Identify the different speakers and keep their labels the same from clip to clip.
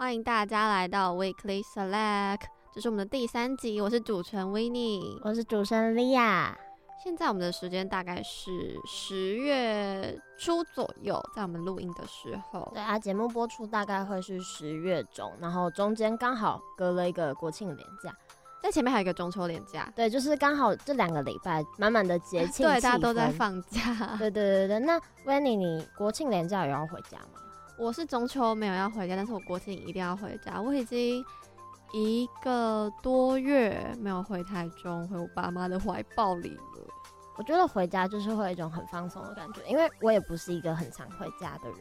Speaker 1: 歡迎大家來到 Weekly Select，這是我們的第三集。我是主持人 Winnie。我是主持人 Lia。現在我們的時間大概是十月
Speaker 2: 初左右，在我們錄音的時候。對啊，節目播出大概會是十月中，然後中間剛好隔了一個國慶連假，在前面還有一個中秋連假。對，就是剛好這兩個禮拜滿滿的節慶， 對，大家都在放假。 對，對對對對，那 Winnie，你國慶連假也要回家嗎？
Speaker 1: 我是中秋沒有要回家，但是我國慶一定要回家。我已經一個多月沒有回台
Speaker 2: 中，回我爸媽的懷抱裡了。我覺得回家就是會有一種很放鬆的感覺，因為我也不是一個很常回家的人。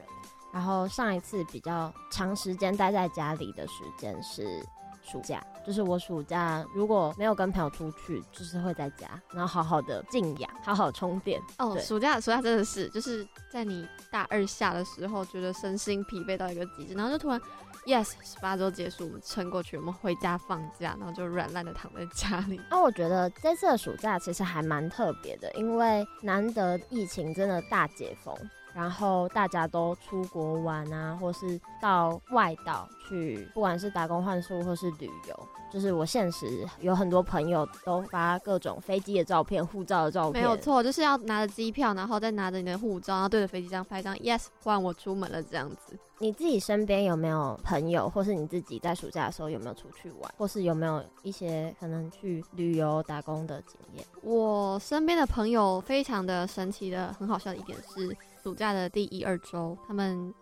Speaker 2: 然後上一次比較長時間待在家裡的時間是。暑假，就是我暑假如果沒有跟朋友出去，就是會在家，然後好好的靜養，好好充電。哦，暑假暑假真的是，
Speaker 1: 就是在你大二下的時候，覺得身心疲憊到一個極致，然後就突然，Yes，十八週結束，我們撐過去，我們回家放假，然後就軟爛的躺在家
Speaker 2: 裡。那我覺得這次的暑假其實還蠻特別的，因為難得疫情真的大解封。然後大家都出國玩啊，或是到外島去，不管是打工換宿或是旅遊，就是我現實有很多朋友都發各種飛機的照片、護照的照片。沒有錯，就是要拿着機票，然後再拿着你的
Speaker 1: 護照，然後對着飛機這樣拍一張 “yes，換我出門了”這樣子。
Speaker 2: 你自己身邊有沒有朋友，或是你自己在暑假的時候有沒有出去玩，或是有沒有一些可能去旅遊打工的經驗？
Speaker 1: 我身邊的朋友非常的神奇的，很好笑的一點是。暑假的第一二週，他們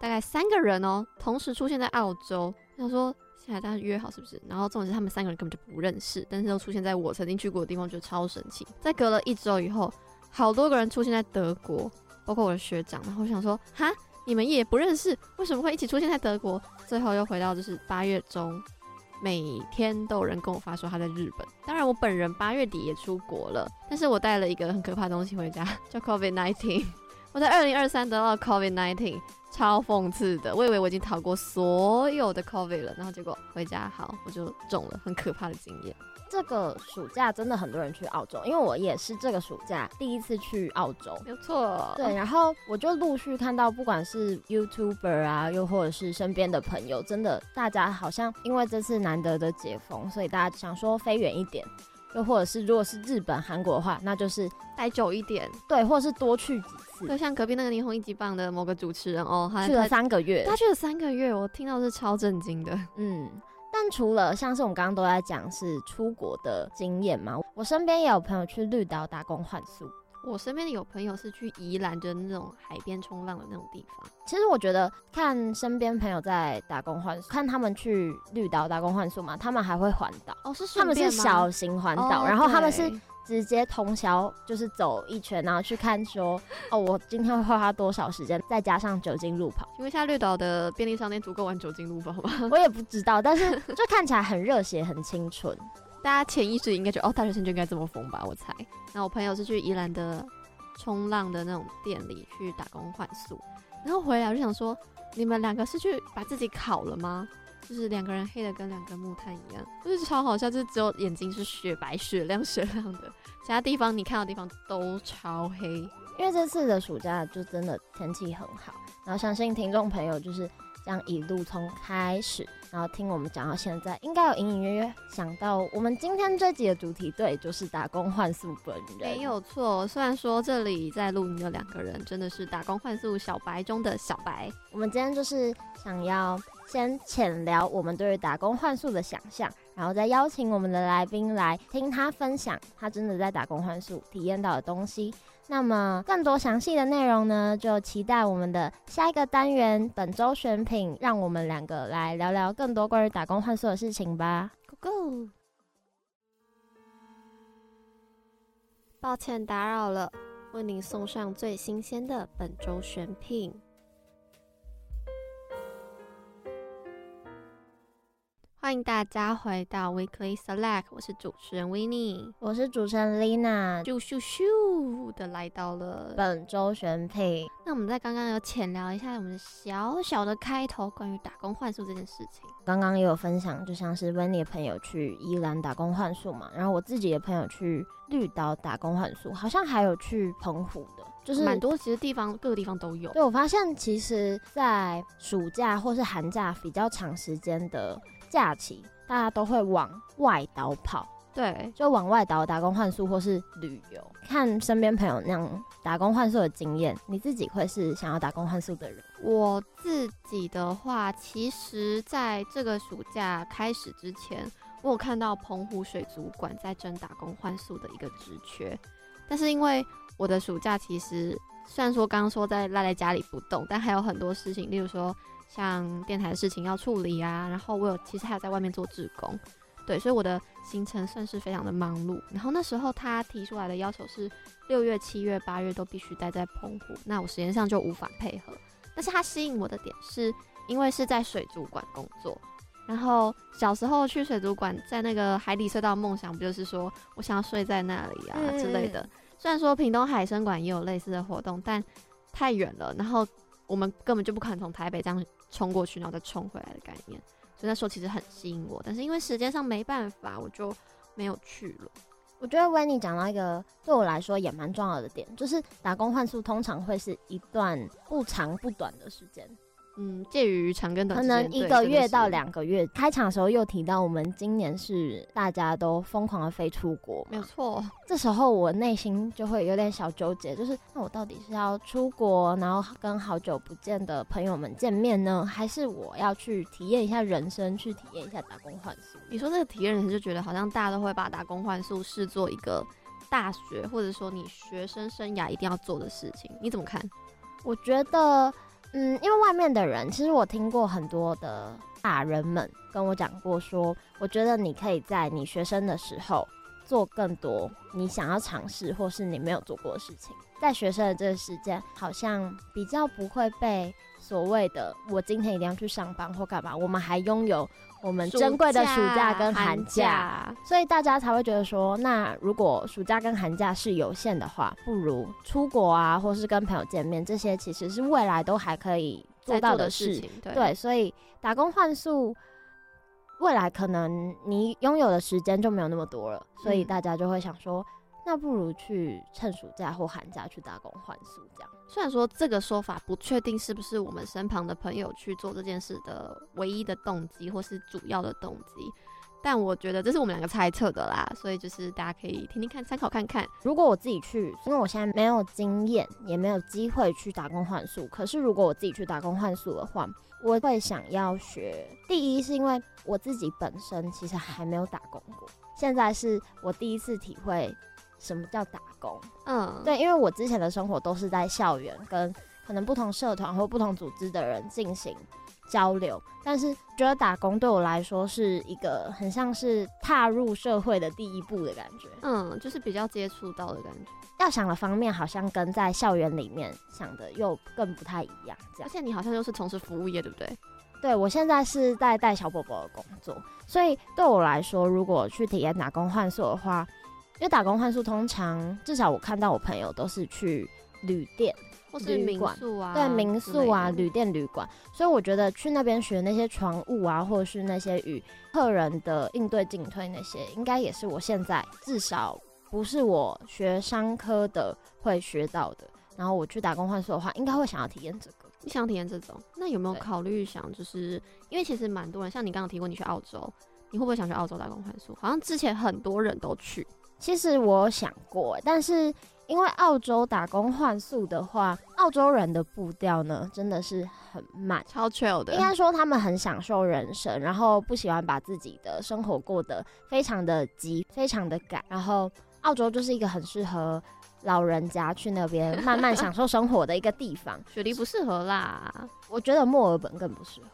Speaker 1: 大概三個人哦、喔，同時出現在澳洲。我想說，現在大家約好是不是？然後重點是，他們三個人根本就不認識，但是又出現在我曾經去過的地方，我覺得超神奇。在隔了一週以後，好多個人出現在德國，包括我的學長。然後我想說，哈，你們也不認識，為什麼會一起出現在德國？最後又回到就是八月中，每天都有人跟我发說他在日本。當然，我本人八月底也出國了，但是我帶了一個很可怕的東西回家，叫 COVID-19。19我在二零二三得到了 COVID nineteen，超諷刺的。我以為我已經逃過所
Speaker 2: 有的 COVID 了，然後結果回家好我就中了，很可怕的經驗。這個暑假真的很多人去澳洲，因為我也是這個暑假第一次去澳洲。沒錯哦，對，然後我就陸續看到，不管是 YouTuber 啊，又或者是身邊的朋友，真的大家好像因為這次難得的解封，所以大家想說飛遠一點。又或者是，如果是日本、韓國的話，那就是待久一點，對，或者是多去幾次。
Speaker 1: 就像隔壁那個《霓虹一級棒》的某個主持人哦，去了三
Speaker 2: 個月。他去了三個月，我聽到是超震驚的。嗯，但除了像是我們剛剛都在講是出國的經驗嘛，我身邊也有朋友去綠島打工換宿。
Speaker 1: 我身邊的有朋友是去宜蘭，的，那種海邊衝浪的那種地方。
Speaker 2: 其實我覺得看身邊朋友在打工換，看他們去綠島打工換宿嘛，他們還會環島。哦，
Speaker 1: 是他們是小
Speaker 2: 型環島，哦、然後他們是直接通宵，就是走一圈，然後去看說對哦，我今天會花多少時間？再加上酒精路跑。因為現在綠島的便利商店足夠玩酒精路跑嗎？我也不知道，但是就看起來很熱血，很清純。大家潛意識應該覺得，哦，大學生就應該這麼瘋吧，我猜。
Speaker 1: 然後我朋友是去宜蘭的衝浪的那種店裡去打工換宿，然後回來我就想說，你們兩個是去把自己烤了嗎？就是兩個人黑的跟兩根木炭一樣，就是超好笑，就是只有眼睛是雪白
Speaker 2: 雪亮雪亮的，其他地方你看到的地方都超黑。因為這次的暑假就真的天氣很好，然後相信聽眾朋友就是這樣一路從開始，然後聽我們講到現在，應該有隱隱約約想到我們今天這集的主題，對，就是打工換宿本人沒有錯。雖然說這裡在錄音的兩個人真的是打工換宿小白中的小白，我們今天就是想要先淺聊我們對於打工換宿的想象，然後再邀請我們的來賓來聽他分享他真的在打工換宿體驗到的東西。那麼，更多詳細的內容呢，就期待我們的下一個單元本周選品，讓我們兩個來聊聊更多關於打工換宿的事情吧。
Speaker 1: 咕咕，抱歉打擾了，為您送上最新鮮的本周選品。歡迎大家回到 Weekly Select，我是主持人 Winnie，我是主持人 Lina，咻咻咻的來到了本周選品。那我們在剛剛有淺聊一下我們的小小的開頭，關於打工換宿這件事情。
Speaker 2: 剛剛也有分享，就像是 Winnie 的朋友去宜蘭打工換宿嘛，然後我自己的朋友去綠島打工換宿，好像還有去澎湖的，就是蠻多
Speaker 1: 其實地方，各個地方都有。對，
Speaker 2: 我發現，其實，在暑假或是寒假比較長時間的。假期大家都會往外島跑，對，就往外島打工換宿或是旅遊。看身邊朋友那樣打工換宿的經驗，你自己會是想要打工換宿的人？
Speaker 1: 我自己的話，其實在這個暑假開始之前，我有看到澎湖水族館在徵打工換宿的一個職缺，但是因為我的暑假其實雖然說剛剛說在賴在家裡不動，但還有很多事情，例如說。像電台的事情要處理啊，然後我有其實還有在外面做志工，對，所以我的行程算是非常的忙碌。然後那時候他提出來的要求是六月、七月、八月都必須待在澎湖，那我時間上就無法配合。但是他吸引我的點是，因為是在水族館工作，然後小時候去水族館，在那個海底隧道，夢想不就是說我想要睡在那裡啊之類的？雖然說屏東海生館也有類似的活動，但太遠了，然後我們根本就不可能從台北這樣。衝過去然後再衝回來的概念，所以那時候其實很吸引我，但是因為時間上沒辦法，我就沒有去
Speaker 2: 了。我覺得 Winnie 講到一個對我來說也蠻重要的點，就是打工換宿通常會是一段不長不短的時間。嗯，介於長跟短可能一個月到兩個月。開場的時候又提到，我們今年是大家都瘋狂的飛出國，沒有錯錯。這時候我內心就會有點小糾結，就是那我到底是要出國，然後跟好久不見的朋友們見面呢，還是我要去體驗一下人生，去體驗一下打工換宿？你說這個體驗人生，就覺得好像大家都會把打工換宿視作一個
Speaker 1: 大學或者說你學生生涯一定要做的事情，你怎麼
Speaker 2: 看？我覺得。嗯，因為外面的人，其實我聽過很多的大人們跟我講過說，說我覺得你可以在你學生的時候做更多你想要嘗試或是你沒有做過的事情，在學生的這個時間，好像比較不會被所謂的“我今天一定要去上班”或幹嘛，我們還擁有。我們珍貴的暑假跟寒假，假，所以大家才會覺得說，那如果暑假跟寒假是有限的話，不如出國啊，或是跟朋友見面，這些其實是未來都還可以做到的事，的事情。對，對，所以打工換宿，未來可能你擁有的時間就沒有那麼多了，所以大家就會想說，嗯、那不如去趁暑假或寒假去打工換宿，這樣。雖然說
Speaker 1: 這個說法不確定是不是我
Speaker 2: 們身旁的朋友去做這件事的唯一的
Speaker 1: 動機或是主要的動機，但我覺得這是我們兩個猜測的啦，所以就是
Speaker 2: 大家可以聽聽看，參考看看。如果我自己去，因為我現在沒有經驗，也沒有機會去打工換宿。可是如果我自己去打工換宿的話，我會想要學。第一是因為我自己本身其實還沒有打工過，現在是我第一次體會。什麼叫打工？嗯，對，因為我之前的生活都是在校園，跟可能不同社團或不同組織的人進行交流，但是覺得打工對我來說是一個很像是踏入社會的第一步的感覺，嗯，就是比較接觸到的感覺。要想的方面好像跟在校園裡面想的又更不太一樣，這樣，而且你好像又是從事服務業，對不對？對，我現在是在帶小寶寶的工作，所以對我來說，如果去體驗打工換宿的話。因為打工換宿，通常至少我看到我朋友都是去旅店或是民宿啊，對民宿啊旅店旅館，所以我覺得去那邊學那些床務啊，或者是那些與客人的應對進退那些，應該也是我現在至少不是我學商科的會學到的。然後我去打工換宿的話，應該會想要體驗這個。你想體驗這種，那有沒有考慮想就是，對因為其實
Speaker 1: 蠻多人像你剛剛提過你去澳洲，你會不會想去澳洲打工換宿？好
Speaker 2: 像之前很多人都去。其實我有想過，但是因為澳洲打工換宿的話，澳洲人的步調呢真的是很慢，超 chill 的。應該說他們很享受人生，然後不喜歡把自己的生活過得非常的急、非常的趕。然後澳洲就是一個很適合老人家去那邊慢慢享受生活的一個地方。 是雪梨不適合
Speaker 1: 啦，
Speaker 2: 我覺得墨爾本更不適合。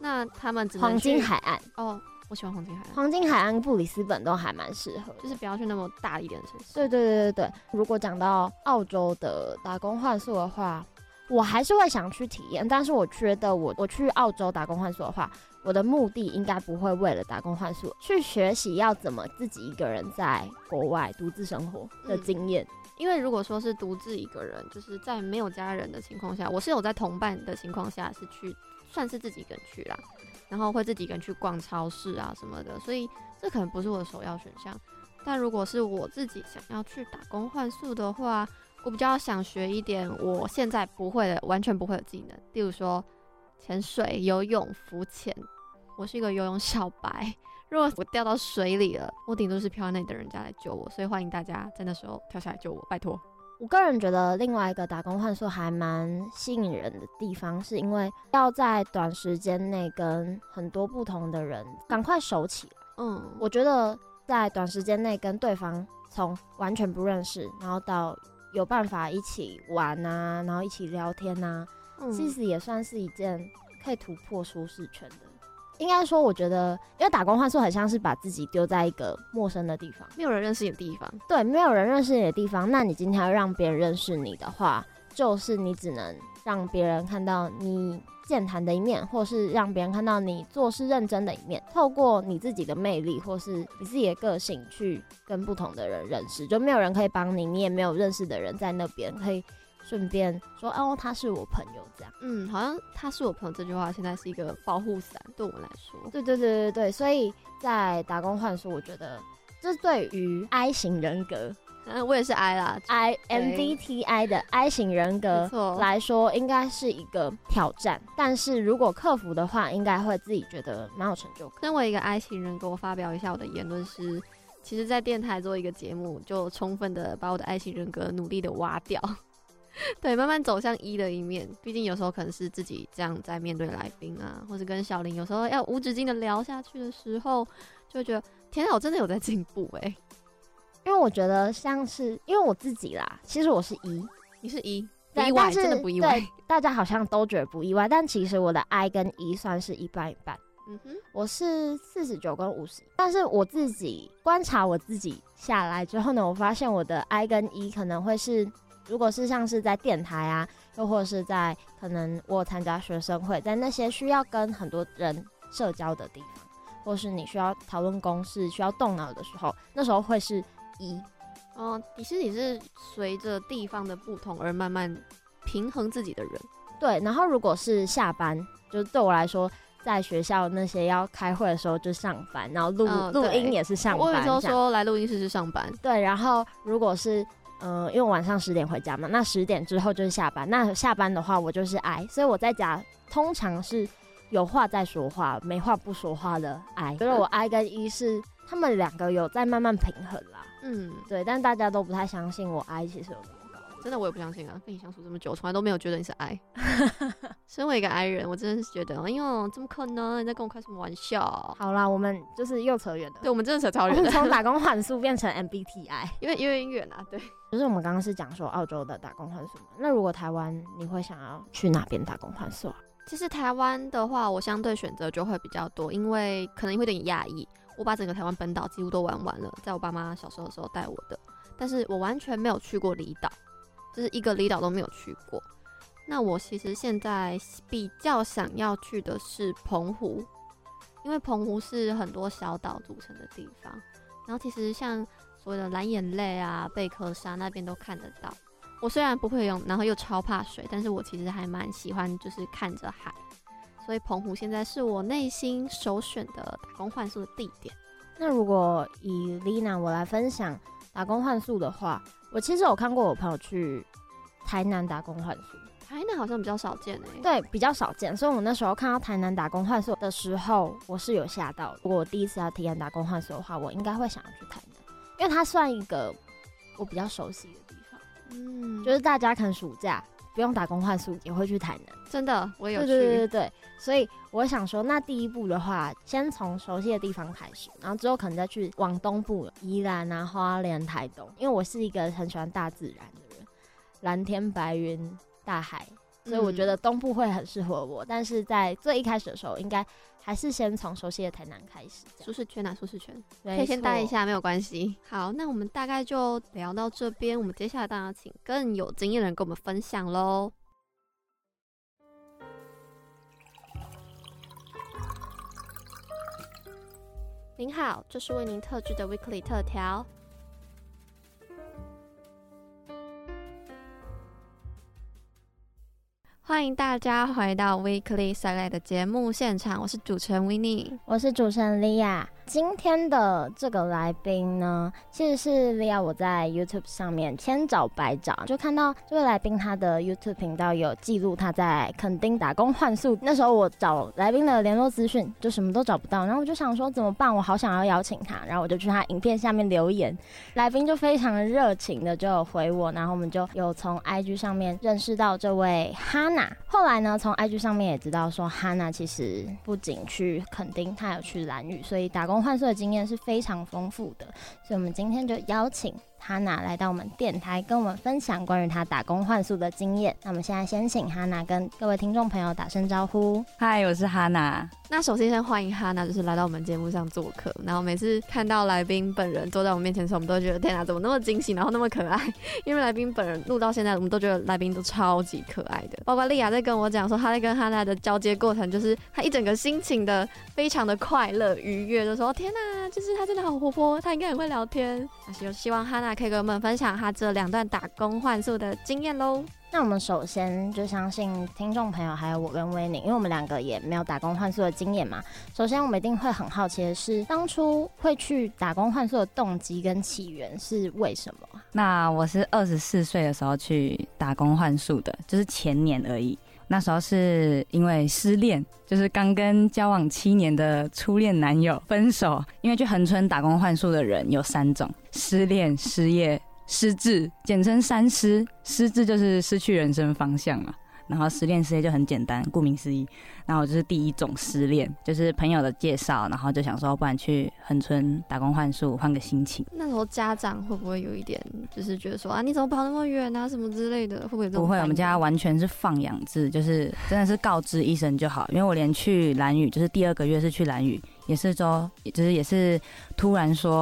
Speaker 1: 那他們只能黃金海岸哦。我喜歡黃金海岸，
Speaker 2: 黃金海岸、布里斯本都還蠻適合，
Speaker 1: 就是不要去那麼大一點的城
Speaker 2: 市。對對對對對。如果講到澳洲的打工換宿的話，我還是會想去體驗，但是我覺得我我去澳洲打工換宿的話，我的目的應該不會為了打工換宿去學習要怎麼自己一個人在國外獨自生活的經驗。嗯，
Speaker 1: 因為如果說是獨自一個人，就是在沒有家人的情況下，我是有在同伴的情況下是去，算是自己一個人去啦。然後會自己一個人去逛超市啊什麼的，所以這可能不是我的首要選項。但如果是我自己想要去打工換宿的話，我比較想學一點我現在不會的、完全不會的技能，例如說潛水、游泳、浮潛。我是一個游泳小白，如果我掉到水裡了，我頂多是漂在那裡等人家來
Speaker 2: 救我，所以歡迎大家在那時候跳下來救我，拜托。我個人覺得，另外一個打工換宿還蠻吸引人的地方，是因為要在短時間內跟很多不同的人趕快熟起來。嗯，我覺得在短時間內跟對方從完全不認識，然後到有辦法一起玩啊，然後一起聊天啊，嗯，其實也算是一件可以突破舒適圈的。應該說，我覺得，因為打工換宿很像是把自己丟在一個陌生的地方，沒有人認識你的地方。對，沒有人認識你的地方，那你今天要讓別人認識你的話，就是你只能讓別人看到你健談的一面，或是讓別人看到你做事認真的一面，透過你自己的魅力或是你自己的個性去跟不同的人認識，就沒有人可以幫你，你也沒有認識的人在那邊可以。順便說，哦，他是我朋友，這樣，嗯，好像他是我朋友這句話，現在是一個保護傘，對我來說，對對對對對，所以在打工換宿的時候，我覺得這對於 I 型人格，嗯、啊，我也是 I 啦，I M D T I 的 I 型人格、欸、來說，應該是一個挑戰。沒錯。但是如果克服的話，應該會自己覺得蠻有成就。身為一個 I 型人格，我發表一下我的言論是，其實，在電台做
Speaker 1: 一個節目，就充分的把我的 I 型人格努力的挖掉。 對，慢慢走向一、e、的一面，畢竟有時候可能是自己這樣在面對來賓啊，或者跟小林有時候要無止境的聊下去的時候，就會覺得天啊，我真的有在進步誒、欸。
Speaker 2: 因為我覺得像是因為我自己啦，其實我是一、e,，
Speaker 1: 你是一、e, 對，意外是真的不意外。
Speaker 2: 對大家好像都覺得不意外，但其實我的 I 跟一、e、算是一半一半。嗯哼，我是四十九跟五十，但是我自己觀察我自己下來之後呢，我發現我的 I 跟一、e、可能會是。如果是像是在電台啊，又或者是在可能我參加學生會，在那些需要跟很多人社交的地方，或是你需要討論公事，需要動腦的時候，那時候會是一。
Speaker 1: 哦，你是你是隨着地方的不同而慢慢平
Speaker 2: 衡自己的人。對，然後如果是下班，就對我來說，在學校那些要開會的時候就上班，然後錄錄、哦、音也是上班。我有時候說樣來錄音室是上班。對，然後如果是。嗯、呃，因為我晚上十點回家嘛，那十點之後就是下班。那下班的話，我就是 I，所以我在家通常是有話在說話，沒話不說話的 I。覺得、嗯、我 I 跟 E 是他們兩個有在慢慢平衡啦。嗯，對，但大家都不太相信我 I 其實。
Speaker 1: 真的，我也不相信啊！跟你相處這麼久，從來都沒有覺得你是 I。 身為一個 I 人，我真的是覺得，哎呦，怎麼可能？你在跟我開
Speaker 2: 什麼玩笑？好啦，我們就是又扯遠了。對，我們真的扯超遠，從打工換宿變成 MBTI，因為因為遠啊。對，就是我們剛剛是講說澳洲的打工換宿嘛。那如果台灣，你會想要去哪邊打工換宿啊？
Speaker 1: 其實台灣的話，我相對選擇就會比較多，因為可能會有點壓抑。我把整個台灣本島幾乎都玩完了，在我爸媽小時候的時候帶我的，但是我完全沒有去過離島。就是一個離島都沒有去過，那我其實現在比較想要去的是澎湖，因為澎湖是很多小島組成的地方。然後其實像所謂的藍眼淚啊、貝殼沙那邊都看得到。我雖然不會游泳，然後又超怕水，但是我其實還蠻喜歡就是看着海，所以澎湖現在是我內心
Speaker 2: 首選的打工換宿的地點。那如果以麗娜我來分享打工換宿的話。我其實有看過我朋友去台南打工換宿，台南好像比較少見欸，對，比較少見。所以我那時候看到台南打工換宿的時候，我是有嚇到。如果我第一次要體驗打工換宿的話，我應該會想要去台南，因為它算一個我比較熟悉的地方。嗯，就是大家可能暑假不用打工換宿也會去台南。真的，我有去。對對，對，對，所以我想說，那第一步的話，先從熟悉的地方開始，然後之後可能再去往東部，宜蘭啊、花蓮、台東，因為我是一個很喜歡大自然的人，藍天白雲、大海，所以我覺得東部會很適合我。嗯、但是在最一開始的時候，應該還是先從熟悉的台南開始，舒適圈啊，舒適圈，沒錯。可以先待一下，
Speaker 1: 沒有關係。好，那我們大概就聊到這邊，我們接下來當然要請更有經驗的人跟我們分享嘍。您好，這是為您特製的 Weekly 特調。歡迎大家回到 Weekly Select 的節目現場，我是主持人
Speaker 2: Winnie。我是主持人 Lia。今天的這個來賓呢，其實是 Lia。我在 YouTube 上面千找百找，就看到這位來賓他的 YouTube 頻道有記錄他在墾丁打工換宿。那時候我找來賓的聯絡資訊，就什麼都找不到。然後我就想說怎麼辦？我好想要邀請他，然後我就去他影片下面留言，來賓就非常熱情的就有回我，然後我們就有從 IG 上面認識到這位哈娜。後來呢，從 IG 上面也知道說哈娜其實不僅去墾丁，他有去蘭嶼，所以打工。換宿的經驗是非常豐富的，所以，我們今天就邀請，哈娜來到我們電台，跟我們分享關於她打工換宿的經驗。那我們現在先請哈娜跟各位聽眾朋友打聲招呼。嗨，我是哈娜。那首先先
Speaker 1: 歡迎哈娜，就是來到我們節目上做客。然後每次看到來賓本人坐在我面前的時候，我們都覺得天哪，怎麼那麼驚喜，然後那麼可愛。因為來賓本人錄到現在，我們都覺得來賓都超級可愛的。包括莉亞在跟我講說，她在跟哈娜的交接過程，就是她一整個心情的非常的快樂愉悅，就說天哪，就是她真的好活潑，她應該很會聊天。那就
Speaker 2: 希望哈娜可以跟我們分享她這兩段打工換宿的經驗嘍。那我們首先就相信聽眾朋友，還有我跟 Winnie，因為我們兩個也沒有打工換宿的經驗嘛。首先，我們一定會很好奇的是，當初會去打工換宿的動機跟起源是為什麼？
Speaker 3: 那我是二十四歲的時候去打工換宿的，就是前年而已。那時候是因為失戀，就是剛跟交往七年的初戀男友分手。因為去恆春打工換宿的人有三種：失戀、失業、失智，簡稱三失。失智就是失去人生方向了。然後失戀失業就很簡單，顧名思義，然後就是第一種失戀，就是朋友的介紹，然後就想說，不然去恆春打工換宿，換個心情。
Speaker 1: 那時候家長會不會有一點，就是覺得說啊，你怎麼跑那麼遠啊，什麼之類的？會不會？不會，我們家
Speaker 3: 完全是放養制，就是真的是告知一聲就好。因為我連去蘭嶼，就是第二個月是去蘭嶼也是說，就是也是突然說，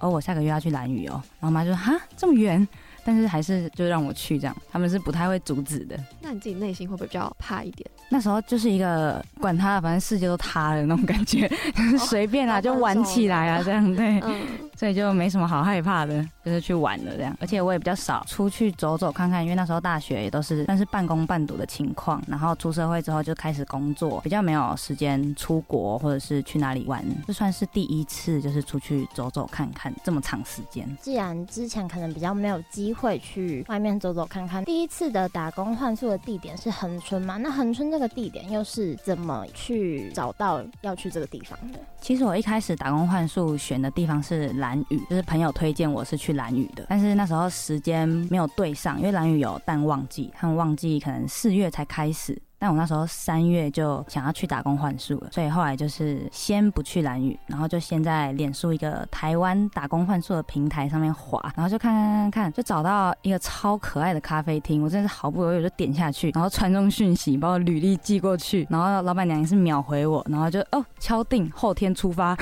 Speaker 3: 哦，我下個月要去蘭嶼哦，然後媽就說，哈，這麼遠。但是還是就讓我去這樣，他們是不太會阻止的。那
Speaker 1: 你自己內心會不會比較怕一點？
Speaker 3: 那時候就是一個管他，反正世界都塌了那種感覺，隨 便啊，哦、就玩起來啊， 這樣，對。嗯所以就沒什麼好害怕的，就是去玩了這樣。而且我也比較少出去走走看看，因為那時候大學也都是算是半工半讀的情況。然後出社會之後就開始工作，比較沒有時間出國或者是去哪裡玩。這算是第一次，就是出去走走看看這麼長時間。
Speaker 2: 既然之前可能比較沒有機會去外面走走看看，第一次的打工換宿的地點是恆春嘛？那恆春這個地點又是怎麼去找到要去這個地方的？
Speaker 3: 其實我一開始打工換宿選的地方是蘭。蘭嶼，就是朋友推薦我是去蘭嶼的，但是那時候時間沒有對上，因為蘭嶼有淡旺季，淡旺季可能四月才開始。但我那時候三月就想要去打工換宿了，所以後來就是先不去蘭嶼，然後就先在臉書一個台灣打工換宿的平台上面滑，然後就看看看看，就找到一個超可愛的咖啡廳，我真的是毫不猶豫就點下去，然後傳送訊息，把我履歷寄過去，然後老闆娘也是秒回我，然後就哦敲定後天出發，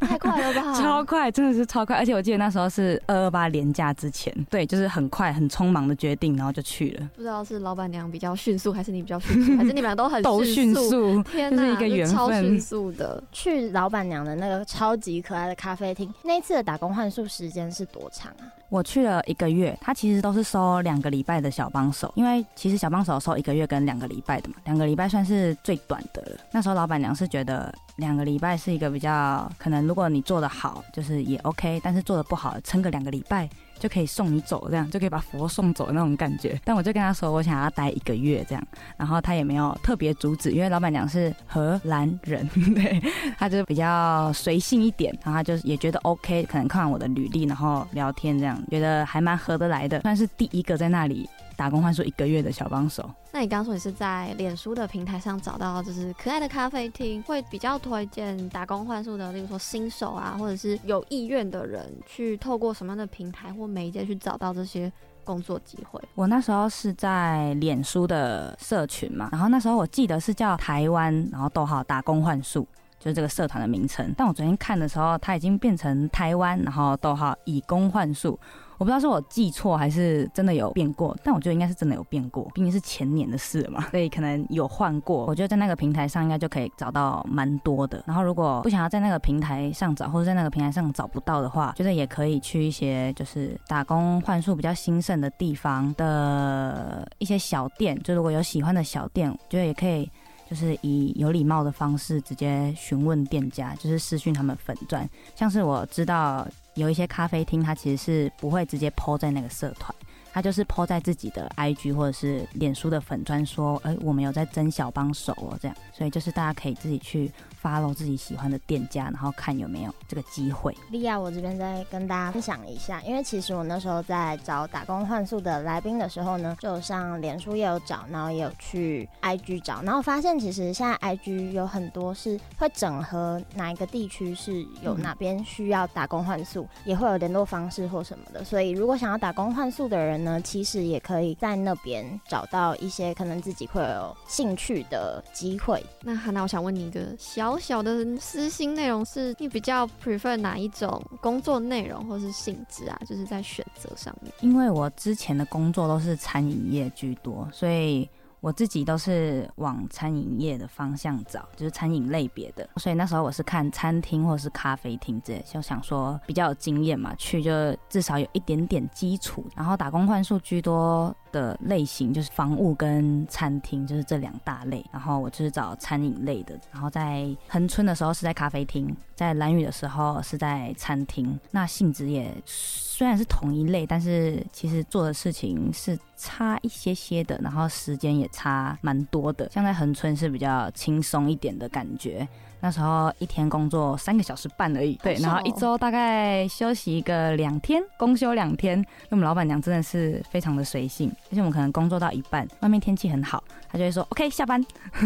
Speaker 3: 太快了吧，超快真的是超快，而且我記得那時候是二二八連假之前，對，就是很快很匆忙的決定，然後就去了，
Speaker 1: 不知道是老闆娘比較迅速，還是你比較迅速。反正你們倆都很迅都迅速，天哪，一個緣分，
Speaker 3: 超迅速的！
Speaker 2: 去老闆娘的那個超級可愛的咖啡廳，那一次的打工換宿時間是多長啊？
Speaker 3: 我去了一個月，他其實都是收兩個禮拜的小幫手，因為其實小幫手收一個月跟兩個禮拜的嘛，兩個禮拜算是最短的了。那時候老闆娘是覺得兩個禮拜是一個比較可能，如果你做的好，就是也 OK，但是做的不好，撐個兩個禮拜。就可以送你走，這樣就可以把佛送走那種感覺。但我就跟他說，我想要待一個月這樣，然後他也沒有特別阻止，因為老闆娘是荷蘭人，對，他就比較隨性一點，然後他就也覺得 OK，可能看完我的履歷，然後聊天這樣，覺得還蠻合得來的，算是第一個在那裡。打工換宿一個月的小幫手。
Speaker 1: 那你剛剛說你是在臉書的平台上找到，就是可愛的咖啡廳會比較推薦打工換宿的，例如說新手啊，或者是有意願的人去透過什麼樣的平台或媒介去找到這些工作機會？
Speaker 3: 我那時候是在臉書的社群嘛，然後那時候我記得是叫台灣，然後逗號打工換宿。就是這個社團的名稱，但我昨天看的時候，它已經變成台灣，然後逗號以工換宿，我不知道是我記錯還是真的有變過，但我覺得應該是真的有變過，畢竟是前年的事了嘛，所以可能有換過。我覺得在那個平台上應該就可以找到蠻多的，然後如果不想要在那個平台上找，或者在那個平台上找不到的話，覺得也可以去一些就是打工換宿比較興盛的地方的一些小店，就如果有喜歡的小店，覺得也可以。就是以有禮貌的方式直接詢問店家，就是私訊他們粉專，像是我知道有一些咖啡廳，它其實是不會直接 po 在那個社團。他就是 po 在自己的 IG 或者是臉書的粉專，說，哎、欸，我們有在徵小幫手哦，這樣，所以就是大家可以自己去 follow 自己喜歡的店家，然後看有沒有這個機會。
Speaker 2: Lia，我這邊再跟大家分享一下，因為其實我那時候在找打工換宿的來賓的時候呢，就上臉書也有找，然後也有去 IG 找，然後我發現其實現在 IG 有很多是會整合哪一個地區是有哪邊需要打工換宿，嗯、也會有聯絡方式或什麼的，所以如果想要打工換宿的人呢。那其實也可以在那邊找到一些可能自己會有興趣的機會。那好，那我想問你一個小小的
Speaker 1: 私心內容，是你比較 prefer 哪一種工作內容或是性質啊？就是在選擇上面。
Speaker 3: 因為我之前的工作都是餐飲業居多，所以。我自己都是往餐飲業的方向找，就是餐飲類別的，所以那時候我是看餐廳或是咖啡廳之類，就想說比較有經驗嘛，去就至少有一點點基礎。然後打工換宿居多的類型就是房務跟餐廳，就是這兩大類。然後我就是找餐飲類的，然後在恆春的時候是在咖啡廳。在蘭嶼的時候是在餐廳，那性質也雖然是同一類，但是其實做的事情是差一些些的，然後時間也差蠻多的。像在恆春是比較輕鬆一點的感覺。那時候一天工作三個小時半而已，喔、對，然後一周大概休息一個兩天，公休兩天。因為我們老闆娘真的是非常的隨性，而且我們可能工作到一半，外面天氣很好，她就會說 OK 下班，啊、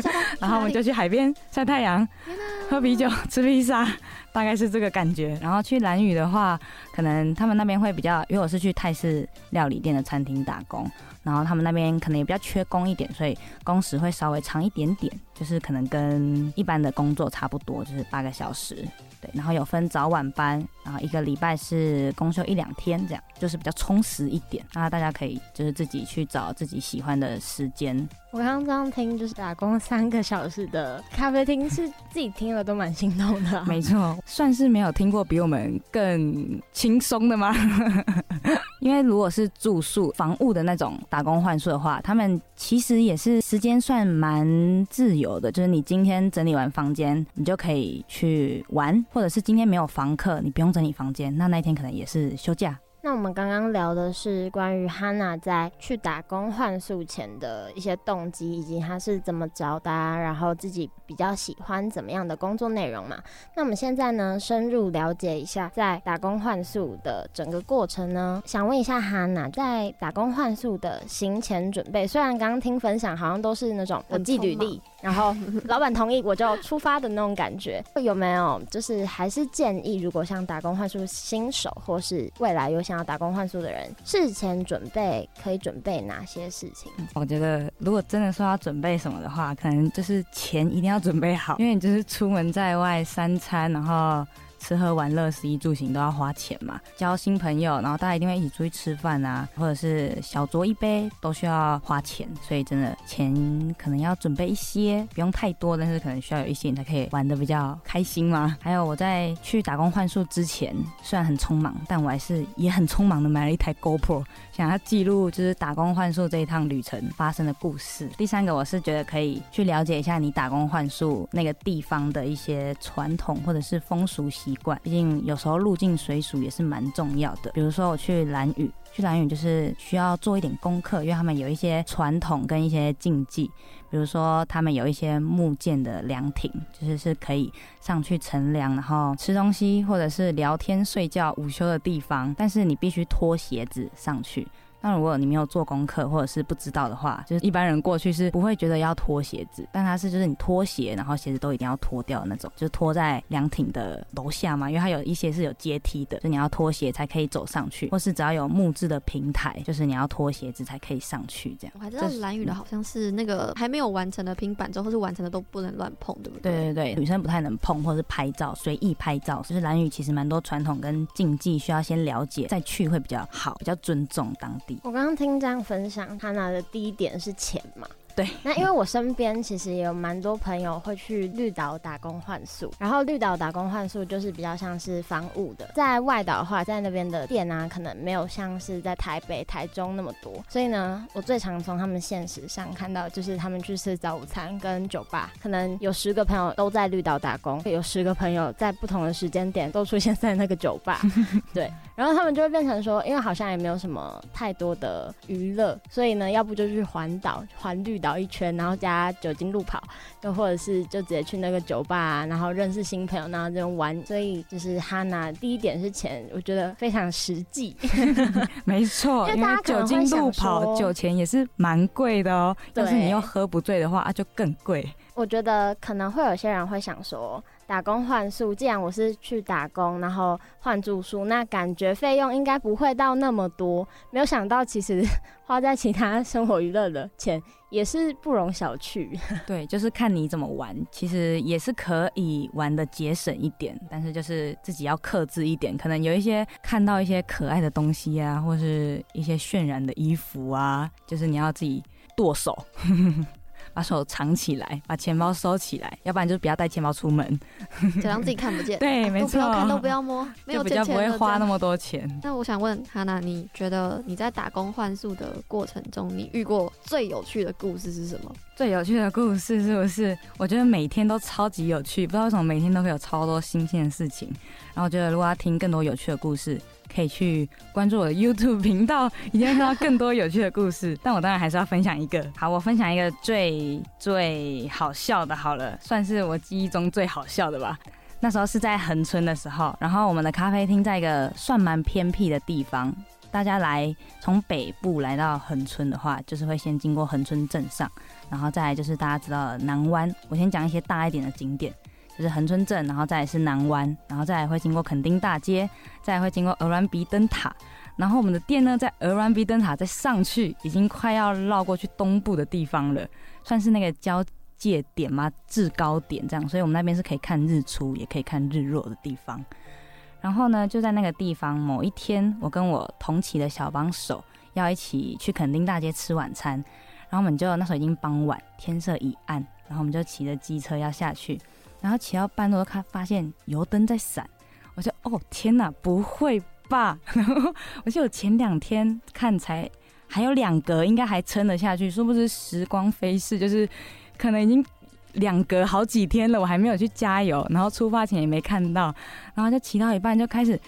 Speaker 3: 下班 然後我們就去海邊曬太陽、喝啤酒、吃披薩。大概是這個感覺，然後去蘭嶼的話，可能他們那邊會比較，因為我是去泰式料理店的餐廳打工，然後他們那邊可能也比較缺工一點，所以工時會稍微長一點點，就是可能跟一般的工作差不多，就是八個小時，對，然後有分早晚班，然後一個禮拜是公休一兩天這樣，就是比較充實一點，那大家可以就是自己去找自己喜歡的時間。
Speaker 2: 我剛剛這樣聽，就是打工三個小時的咖啡廳，是自己聽了都
Speaker 3: 蠻心動的啊。 沒錯，算是沒有聽過比我們更輕鬆的嗎？ 因為如果是住宿房屋的那種打工換宿的話，他們其實也是時間算蠻自由的。就是你今天整理完房間，你就可以去玩，或者是今天沒有房客，你不用整理房間，那那一天可能也是休假。
Speaker 2: 那我們剛剛聊的是關於 Hanna 在去打工換宿前的一些動機，以及他是怎麼找的、啊，然後自己比較喜歡怎麼樣的工作內容嘛？那我們現在呢，深入了解一下在打工換宿的整個過程呢？想問一下 Hanna，在打工換宿的行前準備，雖然剛剛聽分享好像都是那種我寄履歷， 然後老板同意我就要出發的那種感覺，有沒有？就是還是建議，如果像打工換宿新手或是未來有想要打工換宿的人，事前準備可以準備哪些事情？
Speaker 3: 我覺得，如果真的說要準備什麼的話，可能就是錢一定要準備好，因為你就是出門在外，三餐，然後。吃喝玩樂、食衣住行都要花錢嘛，交新朋友，然後大家一定會一起出去吃飯啊，或者是小酌一杯都需要花錢，所以真的錢可能要準備一些，不用太多，但是可能需要有一些你才可以玩得比較開心嘛。還有我在去打工換宿之前，雖然很匆忙，但我還是也很匆忙的買了一台 GoPro。想要記錄就是打工換宿這一趟旅程發生的故事。第三個，我是覺得可以去了解一下你打工換宿那個地方的一些傳統或者是風俗習慣。畢竟有時候入境隨俗也是蠻重要的。比如說我去蘭嶼，去蘭嶼就是需要做一點功課，因為他們有一些傳統跟一些禁忌。比如說，他們有一些木建的涼亭，就是是可以上去乘涼，然後吃東西，或者是聊天、睡覺、午休的地方，但是你必須脫鞋子上去。那如果你沒有做功課或者是不知道的話，就是一般人過去是不會覺得要脫鞋子，但它是就是你脫鞋，然後鞋子都一定要脫掉的那種，就是脫在涼亭的樓下嘛，因為它有一些是有階梯的，就是、你要脫鞋才可以走上去，或是只要有木質的平台，就是你要脫鞋子才可以上去這樣。我還知道蘭嶼的好
Speaker 1: 像是那個還沒有完成的拼板桌，或是完成的都不能亂碰，對不
Speaker 3: 對？對對對，女生不太能碰，或是拍照隨意拍照，就是蘭嶼其實蠻多傳統跟禁忌，需要先了解再去會比較好，比較尊重當地。我
Speaker 2: 剛剛聽這樣分享，他拿的第一點是錢嘛？對，那因為我身邊其實也有蠻多朋友會去綠島打工換宿，然後綠島打工換宿就是比較像是房務的，在外島的話，在那邊的店啊，可能沒有像是在台北、台中那麼多，所以呢，我最常從他們現實上看到就是他們去吃早午餐跟酒吧，可能有十個朋友都在綠島打工，有十個朋友在不同的時間點都出現在那個酒吧， 對，然後他們就會變成說，因為好像也沒有什麼太多的娛樂，所以呢，要不就去環島環綠。繞一圈，然後加酒精路跑，又或者是就直接去那個酒吧、啊，然後認識新朋友，然後就玩。所以就是哈娜第一點是錢，我覺得非常實際。
Speaker 3: 沒錯，因為酒精路跑酒錢也是蠻貴的哦、喔。對要是你又喝不醉的話，啊、就更貴。
Speaker 2: 我覺得可能會有些人會想說，打工換宿，既然我是去打工，然後換住宿，那感覺費用應該不會到那麼多。沒有想到，其實花在其他生活娛樂的錢。也是不容小覷，
Speaker 3: 對，就是看你怎麼玩，其實也是可以玩得節省一點，但是就是自己要克制一點，可能有一些看到一些可愛的東西啊，或是一些渲染的衣服啊，就是你要自己剁手。 把手藏起來，把錢包收起來，要不然就不要帶錢包出門，
Speaker 1: 假 裝自己看不見。對，沒錯，哎、不要看，都不要摸，沒有欠欠這樣，就比較不會花那麼多錢。那我想問哈娜，你覺得你在打工換宿的過程中，你遇過最有趣的故事是什麼？
Speaker 3: 最有趣的故事是不是？我覺得每天都超級有趣，不知道為什麼每天都會有超多新鮮的事情。然後我覺得如果要聽更多有趣的故事。可以去關注我的 YouTube 頻道，一定要看到更多有趣的故事。 但我當然還是要分享一個。好，我分享一個最最好笑的，好了，算是我記憶中最好笑的吧。那時候是在恆春的時候，然後我們的咖啡廳在一個算蠻偏僻的地方。大家來從北部來到恆春的話，就是會先經過恆春鎮上，然後再來就是大家知道的南灣。我先講一些大一點的景點。是恆春鎮，然後再來是南灣，然後再來會經過墾丁大街，再會經過鵝鑾鼻燈塔。然後我們的店呢，在鵝鑾鼻燈塔再上去，已經快要繞過去東部的地方了，算是那個交界點嗎？至高點這樣，所以我們那邊是可以看日出，也可以看日落的地方。然後呢，就在那個地方，某一天，我跟我同期的小幫手要一起去墾丁大街吃晚餐，然後我們就那時候已經傍晚，天色已暗，然後我們就騎着機車要下去。然後騎到半路，看發現油燈在閃，我說：“哦天哪，不會吧？”然 後我記得我前兩天看才還有兩格，應該還撐得下去。殊不知時光飛逝，就是可能已經兩格好幾天了，我還沒有去加油。然後出發前也沒看到，然後就騎到一半就開始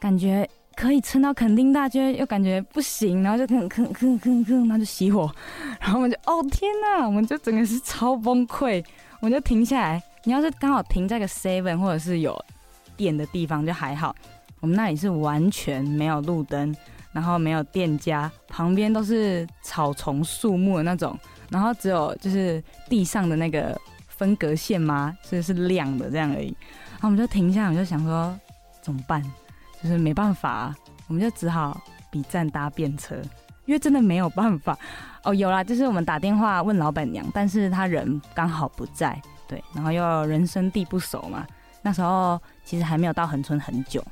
Speaker 3: 感覺可以撐到墾丁大街，又感覺不行，然後就吭吭吭吭吭，然後就熄火。然後我們就哦天哪，我們就整個是超崩潰，我們就停下來。你要是剛好停在個 seven 或者是有電的地方就還好，我們那裡是完全沒有路燈，然後沒有店家，旁邊都是草叢樹木的那種，然後只有就是地上的那個分隔線嘛，以是亮的這樣而已。然後我們就停下來，我就想說怎麼辦，就是沒辦法、啊，我們就只好比站搭便車，因為真的沒有辦法。哦，有啦，就是我們打電話問老板娘，但是她人剛好不在。對，然後又人生地不熟嘛，那時候其實還沒有到恆春很久，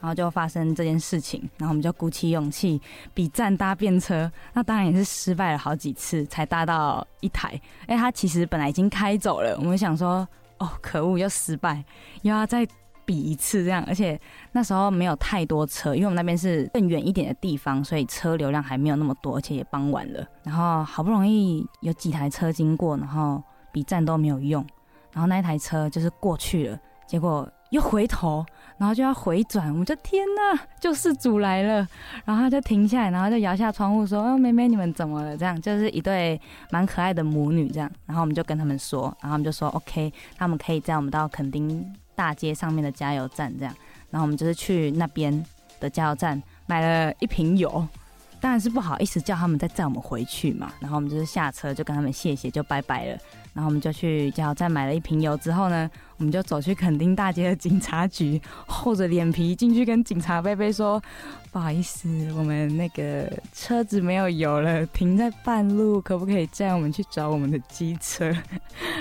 Speaker 3: 然後就發生這件事情，然後我們就鼓起勇氣比站搭便車，那當然也是失敗了好幾次才搭到一台，哎、欸，他其實本來已經開走了，我們想說哦，可惡又失敗，又要再比一次這樣，而且那時候沒有太多車，因為我們那邊是更遠一點的地方，所以車流量還沒有那麼多，而且也傍晚了，然後好不容易有幾台車經過，然後比站都沒有用。然後那一台車就是過去了，結果又回頭，然後就要回轉，我們就天吶，救世主來了！然後他就停下來，然後就搖下窗戶說：“哦，妹妹你們怎麼了？”這樣就是一對蠻可愛的母女這樣，然後我們就跟他們說，然後我們就說：“OK，他們可以載我們到墾丁大街上面的加油站這樣。”然後我們就是去那邊的加油站買了一瓶油。當然是不好意思叫他們再載我們回去嘛，然後我們就是下車就跟他們謝謝就拜拜了，然後我們就去叫再買了一瓶油之後呢，我們就走去墾丁大街的警察局，厚着臉皮進去跟警察杯杯說，不好意思，我們那個車子沒有油了，停在半路，可不可以載我們去找我們的機車？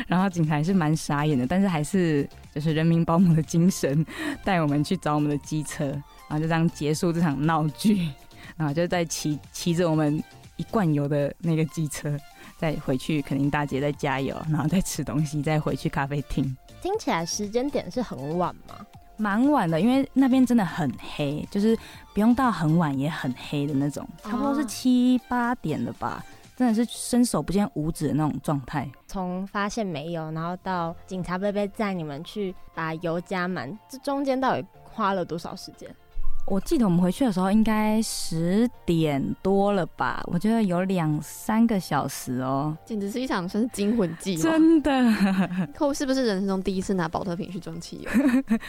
Speaker 3: 然後警察還是蠻傻眼的，但是還是就是人民保姆的精神帶我們去找我們的機車，然後就這樣結束這場鬧劇。然後就在騎騎着我們一罐油的那個機車，再回去肯定大街在加油，然後再吃東西，再回去咖啡廳。聽起來時間點是很晚嗎？蠻晚的，因為那邊真的很黑，就是不用到很晚也很黑的那種，差不多是七八點了吧，啊、真的是伸手不見五指的那種狀態。
Speaker 2: 從發現沒有，然後到警察伯伯載你們去把油加滿，這中間到底花了多少時間？
Speaker 3: 我記得我們回去的時候應該十點多了吧，我覺得有兩三個小時哦、喔，
Speaker 2: 簡
Speaker 1: 直是一場算是驚魂記。 真的，客戶是不是人生中第一次拿保特瓶去裝汽油？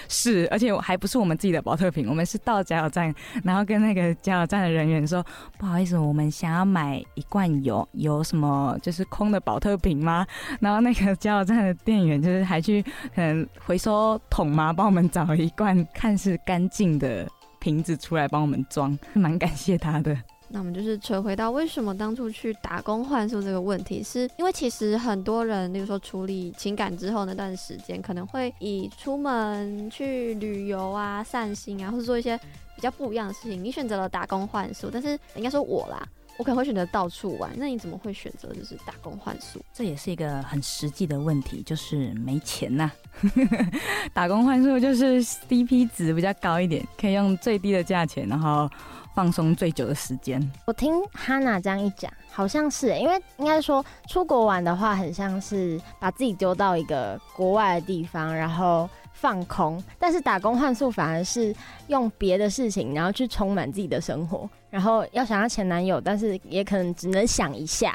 Speaker 3: 是，而且還不是我們自己的保特瓶，我們是到加油站，然後跟那個加油站的人員說：“不好意思，我們想要買一罐油，有什麼就是空的保特瓶嗎？”然後那個加油站的店員就是還去嗯回收桶嘛，幫我們找了一罐看似乾淨的。瓶子出來，幫我們裝，蠻感謝他的。
Speaker 1: 那我們就是扯回到為什麼當初去打工換宿這個問題，是因為其實很多人，例如說處理情感之後那段時間，可能會以出門去旅遊啊、散心啊，或是做一些比較不一樣的事情。你選擇了打工換宿，但是應該說我啦。我可能會選擇到處玩，那你怎麼會選擇就是打工換
Speaker 3: 宿？這也是一個很實際的問題，就是沒錢吶、啊。 打工換宿就是 CP 值比較高一點，可以用最低的價錢，然後放鬆最久的時間。
Speaker 2: 我聽哈娜這樣一講，好像是、欸、因為應該說出國玩的話，很像是把自己丟到一個國外的地方，然後放空。但是打工換宿反而是用別的事情，然後去充滿自己的生活。然後要想要前男友，但是也可能只能想一下，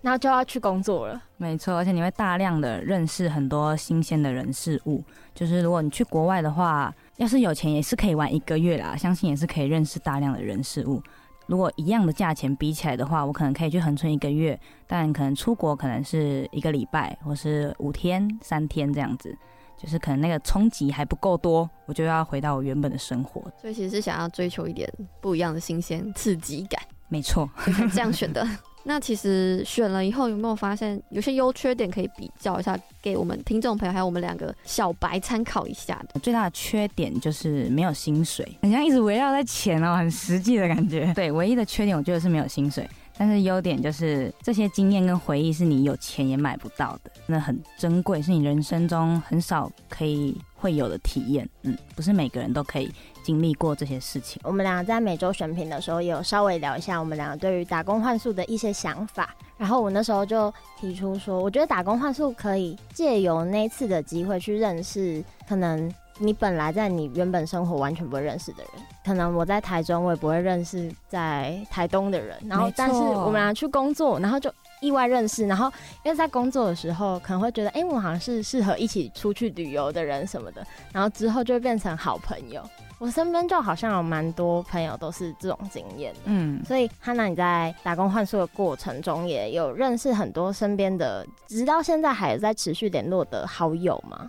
Speaker 2: 那就要去
Speaker 3: 工作了。沒錯，而且你會大量的認識很多新鮮的人事物。就是如果你去國外的話，要是有錢也是可以玩一個月啦，相信也是可以認識大量的人事物。如果一樣的價錢比起來的話，我可能可以去恆春一個月，但可能出國可能是一個禮拜或是五天、三天這樣子。就是可能那個衝擊還不夠多，我就要回到我原本的生活。
Speaker 1: 所以其實是想要追求一點不一樣的新鮮刺激感。
Speaker 3: 沒錯，這樣選
Speaker 1: 的。 那其實選了以後有沒有發現有些優缺點可以比較一下，給我們聽眾朋友還有我們兩個小白參考一
Speaker 3: 下的？最大的缺點就是沒有薪水，好像一直圍繞在錢哦，很實際的感覺。對，唯一的缺點我覺得是沒有薪水。但是優點就是這些經驗跟回憶是你有錢也買不到的，那很珍貴，是你人生中很少可以會有的體驗。嗯，不是每個人都可以經歷過這些事情。我們倆在每周選品
Speaker 2: 的時候，也有稍微聊一下我們兩個對於打工換宿的一些想法。然後我那時候就提出說，我覺得打工換宿可以借由那次的機會去認識可能，你本來在你原本生活完全不認識的人，可能我在台中我也不會認識在台東的人，然後沒錯，但是我們倆去工作，然後就意外認識，然後因為在工作的時候可能會覺得，哎、欸，我好像是適合一起出去旅遊的人什麼的，然後之後就會變成好朋友。我身邊就好像有蠻多朋友都是這種經驗，嗯，所以哈娜你在打工換宿的過程中也有認識很多身邊的，直到現在還在持續聯絡的好友嗎？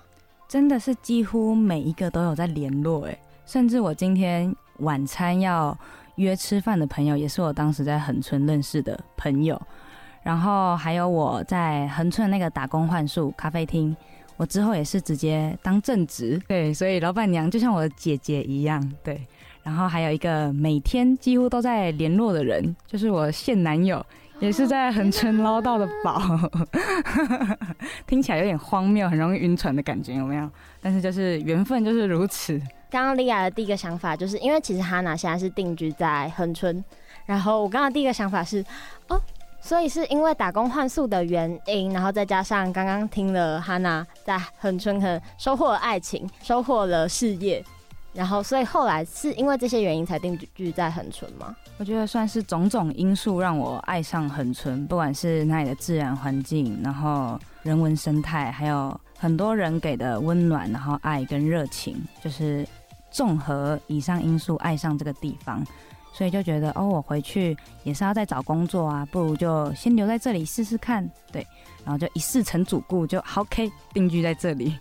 Speaker 3: 真的是幾乎每一個都有在聯絡誒、欸，甚至我今天晚餐要約吃飯的朋友，也是我當時在恆春認識的朋友。然後還有我在恆春那個打工換宿咖啡廳，我之後也是直接當正職，對，所以老板娘就像我的姐姐一樣，對。然後還有一個每天幾乎都在聯絡的人，就是我現男友。也是在恆春撈到的寶， 聽起來有點荒謬，很容易暈船的感覺，有沒有？但是就是緣分就是如此。剛
Speaker 2: 剛 Lia 的第一個想法就是因為其實哈娜現在是定居在恆春，然後我剛剛第一個想法是哦，所以是因為打工換宿的原因，然後再加上剛剛聽了哈娜在恆春可能收穫了愛情，收穫了事業。然後，所以後來是因為這些原因才定居在恆春
Speaker 3: 嗎？我覺得算是種種因素讓我愛上恆春，不管是那裡的自然環境，然後人文生態，還有很多人給的溫暖，然後愛跟熱情，就是綜合以上因素愛上這個地方，所以就覺得哦，我回去也是要再找工作啊，不如就先留在這裡試試看，對，然後就一試成主顧，就 OK，定居在這裡。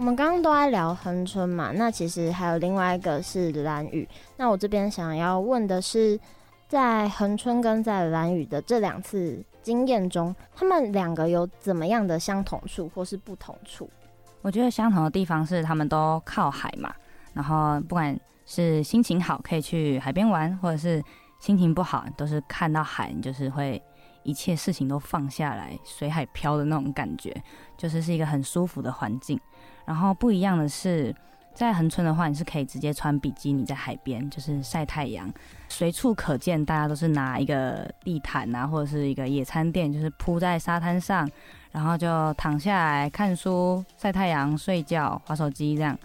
Speaker 2: 我們剛剛都在聊恆春嘛，那其實還有另外一個是蘭嶼。那我這邊想要問的是，在恆春跟在蘭嶼的這兩次經驗中，他們兩個有怎麼樣的相同處或是不同處？
Speaker 3: 我覺得相同的地方是他們都靠海嘛，然後不管是心情好可以去海邊玩，或者是心情不好都是看到海，就是會一切事情都放下來，隨海飄的那種感覺，就是是一個很舒服的環境。然後不一樣的是，在恆春的話，你是可以直接穿比基尼在海邊，就是曬太陽，隨處可見，大家都是拿一個地毯啊，或者是一個野餐墊，就是鋪在沙灘上，然後就躺下來看書、曬太陽、睡覺、滑手機。這樣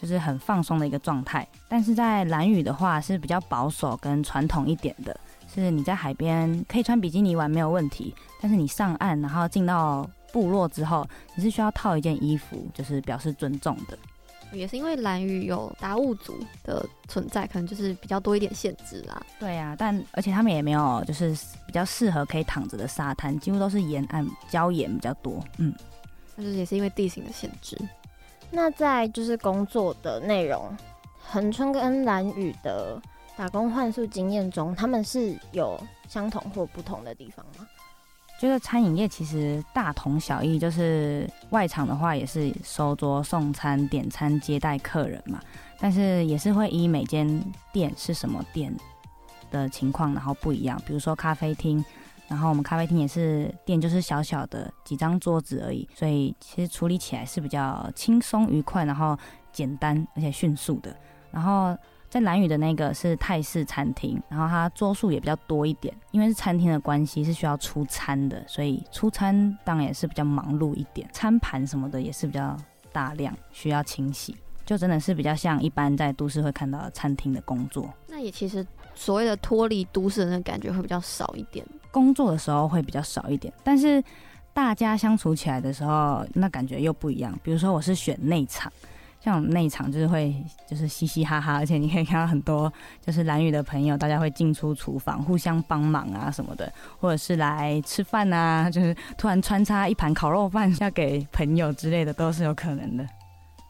Speaker 3: 就是很放鬆的一個狀態。但是在蘭嶼的話是比較保守跟傳統一點的，是你在海邊可以穿比基尼玩沒有問題，但是你上岸然後進到部落之後，你是需要套一件衣服，就是表示尊重的。
Speaker 1: 也是因為蘭嶼有達悟族的存在，可能就是比較多一點限制啦。
Speaker 3: 對啊，但而且他們也沒有就是比較適合可以躺着的沙灘，幾乎都是沿岸礁岩比較多，嗯，
Speaker 1: 但是也是因為地形的限制。
Speaker 2: 那在就是工作的內容，恆春跟蘭嶼的打工換宿經驗中，他們是有相同或不同的地方嗎？
Speaker 3: 這個餐飲業其實大同小異，就是外場的話也是收桌、送餐、點餐、接待客人嘛，但是也是會依每間店是什麼店的情況，然後不一樣。比如說咖啡廳，然後我們咖啡廳也是店，就是小小的幾張桌子而已，所以其實處理起來是比較輕鬆、愉快，然後簡單而且迅速的，然後。在蘭嶼的那個是泰式餐廳，然後它桌數也比較多一點，因為是餐廳的關係是需要出餐的，所以出餐當然也是比較忙碌一點，餐盤什麼的也是比較大量需要清洗，就真的是比較像一般在都市會看到的餐廳的工作。
Speaker 1: 那也其實所謂的脫
Speaker 3: 離都市人的感覺會比較少一點，工作的時候會比較少一點，但是大家相處起來的時候那感覺又不一樣。比如說我是選內場。像我們那一場就是會就是嘻嘻哈哈，而且你可以看到很多就是蘭嶼的朋友，大家會進出廚房互相幫忙啊什麼的，或者是來吃飯啊，就是突然穿插一盤烤肉飯要給朋友之類的，都是有可能的。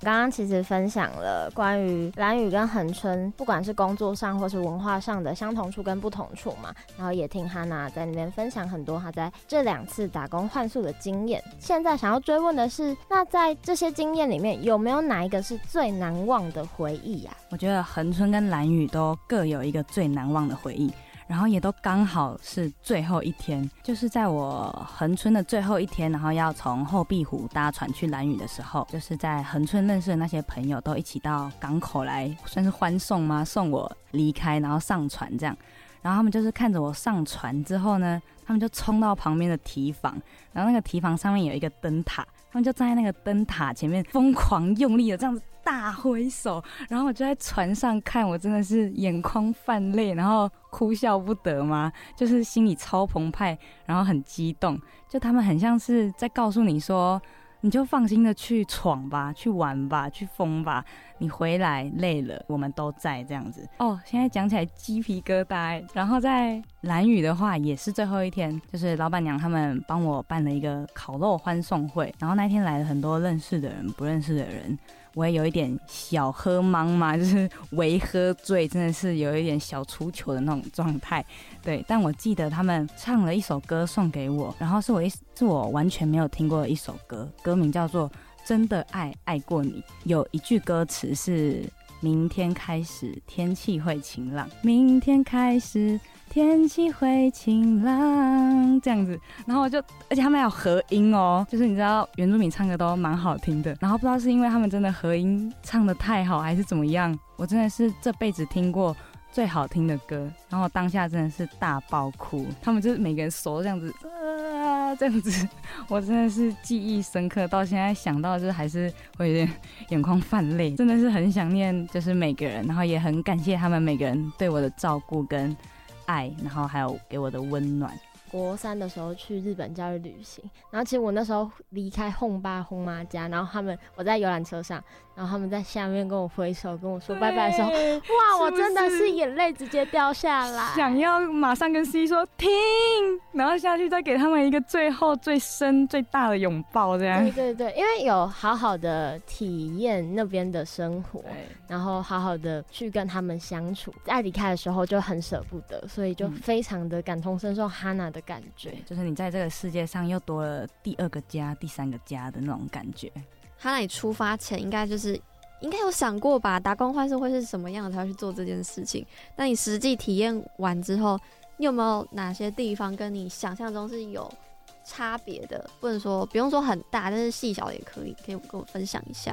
Speaker 3: 我剛剛其實分
Speaker 2: 享了關於蘭嶼跟恆春，不管是工作上或是文化上的相同處跟不同處嘛，然後也聽哈娜在裡面分享很多她在這兩次打工換宿的經驗。現在想要追問的是，那在這些經驗裡面有沒有哪一個是最難忘的回憶呀、啊？
Speaker 3: 我覺得恆春跟蘭嶼都各有一個最難忘的回憶。然後也都剛好是最後一天，就是在我恆春的最後一天，然後要從後壁湖搭船去蘭嶼的時候，就是在恆春認識的那些朋友都一起到港口來，算是歡送嗎？送我離開，然後上船這樣。然後他們就是看着我上船之後呢，他們就衝到旁邊的堤防，然後那個堤防上面有一個燈塔。他們就站在那個燈塔前面，瘋狂用力的這樣子大揮手，然後我就在船上看，我真的是眼眶泛淚，然後哭笑不得嘛，就是心裡超澎湃，然後很激動，就他們很像是在告訴你說，你就放心的去闖吧，去玩吧，去瘋吧。你回來累了，我們都在這樣子。哦，oh, 現在講起來雞皮疙瘩。然後在蘭嶼的話也是最後一天，就是老闆娘他們幫我辦了一個烤肉歡送會。然後那天來了很多認識的人，不認識的人。我也有一點小喝茫嘛，就是微喝醉，真的是有一點小出糗的那種狀態。對，但我記得他們唱了一首歌送給我，然後是我一是我完全沒有聽過的一首歌，歌名叫做《真的愛愛過你》，有一句歌詞是“明天開始天氣會晴朗，明天開始”。天氣會晴朗這樣子，然後我就，而且他們還有合音哦、喔，就是你知道原住民唱歌都蠻好聽的，然後不知道是因為他們真的合音唱得太好，還是怎麼樣，我真的是這輩子聽過最好聽的歌，然後當下真的是大爆哭，他們就是每個人說這樣子啊這樣子，我真的是記憶深刻，到現在想到就是還是會有點眼眶泛淚，真的是很想念就是每個人，然後也很感謝他們每個人對我的照顧跟。愛，然後還有給我的溫暖。
Speaker 2: 國三的時候去日本教育旅行，然後其實我那時候離開轟爸轟媽家，然後他們我在遊覽車上。然後他們在下面跟我揮手，跟我說拜拜的時候，對哇，是、是我真的是眼
Speaker 3: 淚直接掉下來，想要馬上跟 C 說停，然後下去再給他們一個最後最深最大的擁抱，這樣。對對對，因為有好好的體驗那邊的
Speaker 2: 生活，對然後好好的去跟他們相處，在離開的時候就很舍不得，
Speaker 3: 所以就非常的感同身受哈娜的感覺。嗯，就是你在這個世界上又多了第二個家、第三個家的那種感覺。
Speaker 1: 他那裡出發前應該就是應該有想過吧，打工換宿會是什麼樣，他要去做這件事情。那你實際體驗完之後，你有沒有哪些地方跟你想象中是有差別的？或者說不用說很大，但是細小也可以，可以跟我分享一下。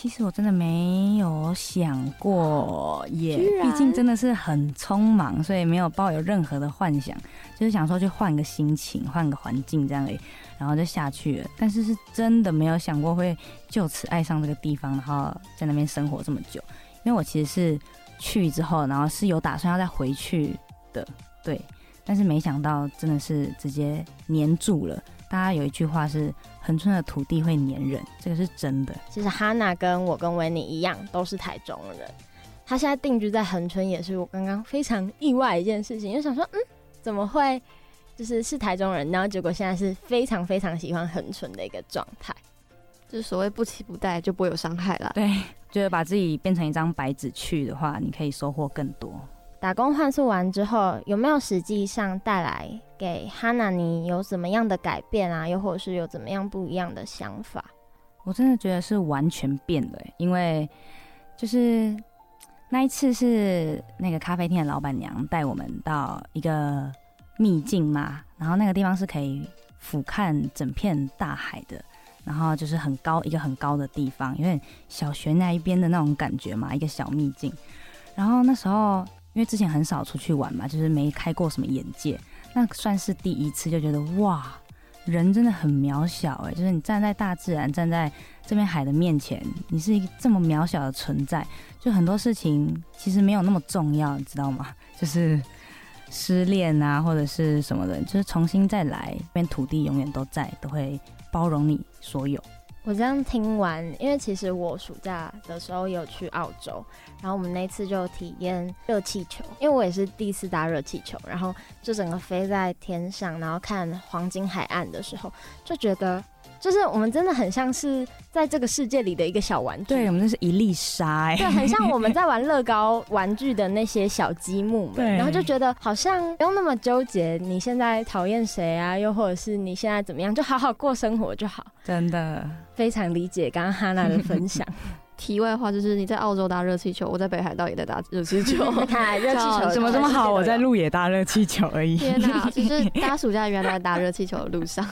Speaker 3: 其實我真的沒有想過，也畢竟真的是很匆忙，所以沒有抱有任何的幻想，就是想說去換個心情，換個環境這樣而已，然後就下去了。但是是真的沒有想過會就此愛上這個地方，然後在那邊生活這麼久。因為我其實是去之後，然後是有打算要再回去的，對。但是沒想到真的是直接黏住了。大家有一句話是恆春的土地會黏人，這個是真的。
Speaker 2: 其實哈娜跟我跟維尼一樣，都是台中人，他現在定居在恆春，也是我剛剛非常意外一件事情，就想說，嗯，怎麼會，就是是台中人，然後結果現在是非常非
Speaker 3: 常喜歡恆春的一個狀態，
Speaker 1: 就是所謂不期不待就不會有傷害了。對，就
Speaker 3: 是把自己變成一張白紙去的話，你可以收穫更多。
Speaker 2: 打工換宿完之後，有沒有實際上帶來給哈娜尼有怎麼樣的改變啊？又或者是有怎麼樣不一樣的想法？
Speaker 3: 我真的覺得是完全變了欸，因為就是那一次是那個咖啡店的老闆娘帶我們到一個秘境嘛，然後那個地方是可以俯瞰整片大海的，然後就是很高一個很高的地方，有點小學那一邊的那種感覺嘛，一個小秘境。然後那時候。因為之前很少出去玩嘛，就是沒開過什麼眼界，那算是第一次就覺得哇，人真的很渺小誒、欸。就是你站在大自然，站在這片海的面前，你是一個這麼渺小的存在，就很多事情其實沒有那麼重要，你知道嗎？就是失戀啊，或者是什麼的，就是重新再來，這邊土地永遠都在，都會包容你所有。
Speaker 2: 我這樣聽完，因為其實我暑假的時候有去澳洲，然後我們那次就體驗熱氣球，因為我也是第一次搭熱氣球，然後就整個飛在天上，然後看黃金海岸的時候，就覺得。就是我們真的很像是在這個世界裡的一個小玩具，對，我們是一
Speaker 3: 粒沙，對，很像我們
Speaker 2: 在玩樂高玩具的那些小積木，對，然後就覺得好像不用那麼糾結，你現在討厭誰啊，又或者是你現在怎麼樣，就好好過生活就好，真的非常理解剛剛哈娜的分享。題外
Speaker 1: 話就是，你在澳洲搭熱氣球，我在北海道也在搭熱氣球，太熱氣
Speaker 3: 球怎麼這麼好？我在鹿野搭熱氣球而已，天
Speaker 1: 哪，只是大家暑假原來搭熱氣球的路上。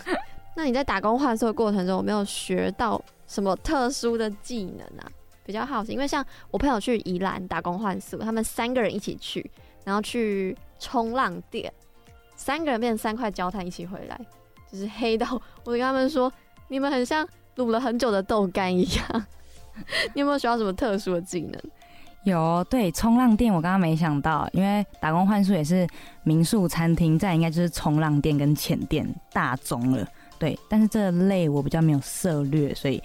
Speaker 1: 那你在打工換宿的過程中，有沒有學到什麼特殊的技能啊，比較好奇。因為像我朋友去宜蘭打工換宿，他們三個人一起去，然後去衝浪店，三個人變成三塊焦炭一起回來，就是黑到我跟他們說，你們很像滷了很久的豆干一樣。 你有沒有學到什麼特殊的技能？
Speaker 3: 有，對，衝浪店我剛剛沒想到，因為打工換宿也是民宿餐、餐廳，再應該就是衝浪店跟潛店大宗了。對，但是這類我比較沒有涉獵，所以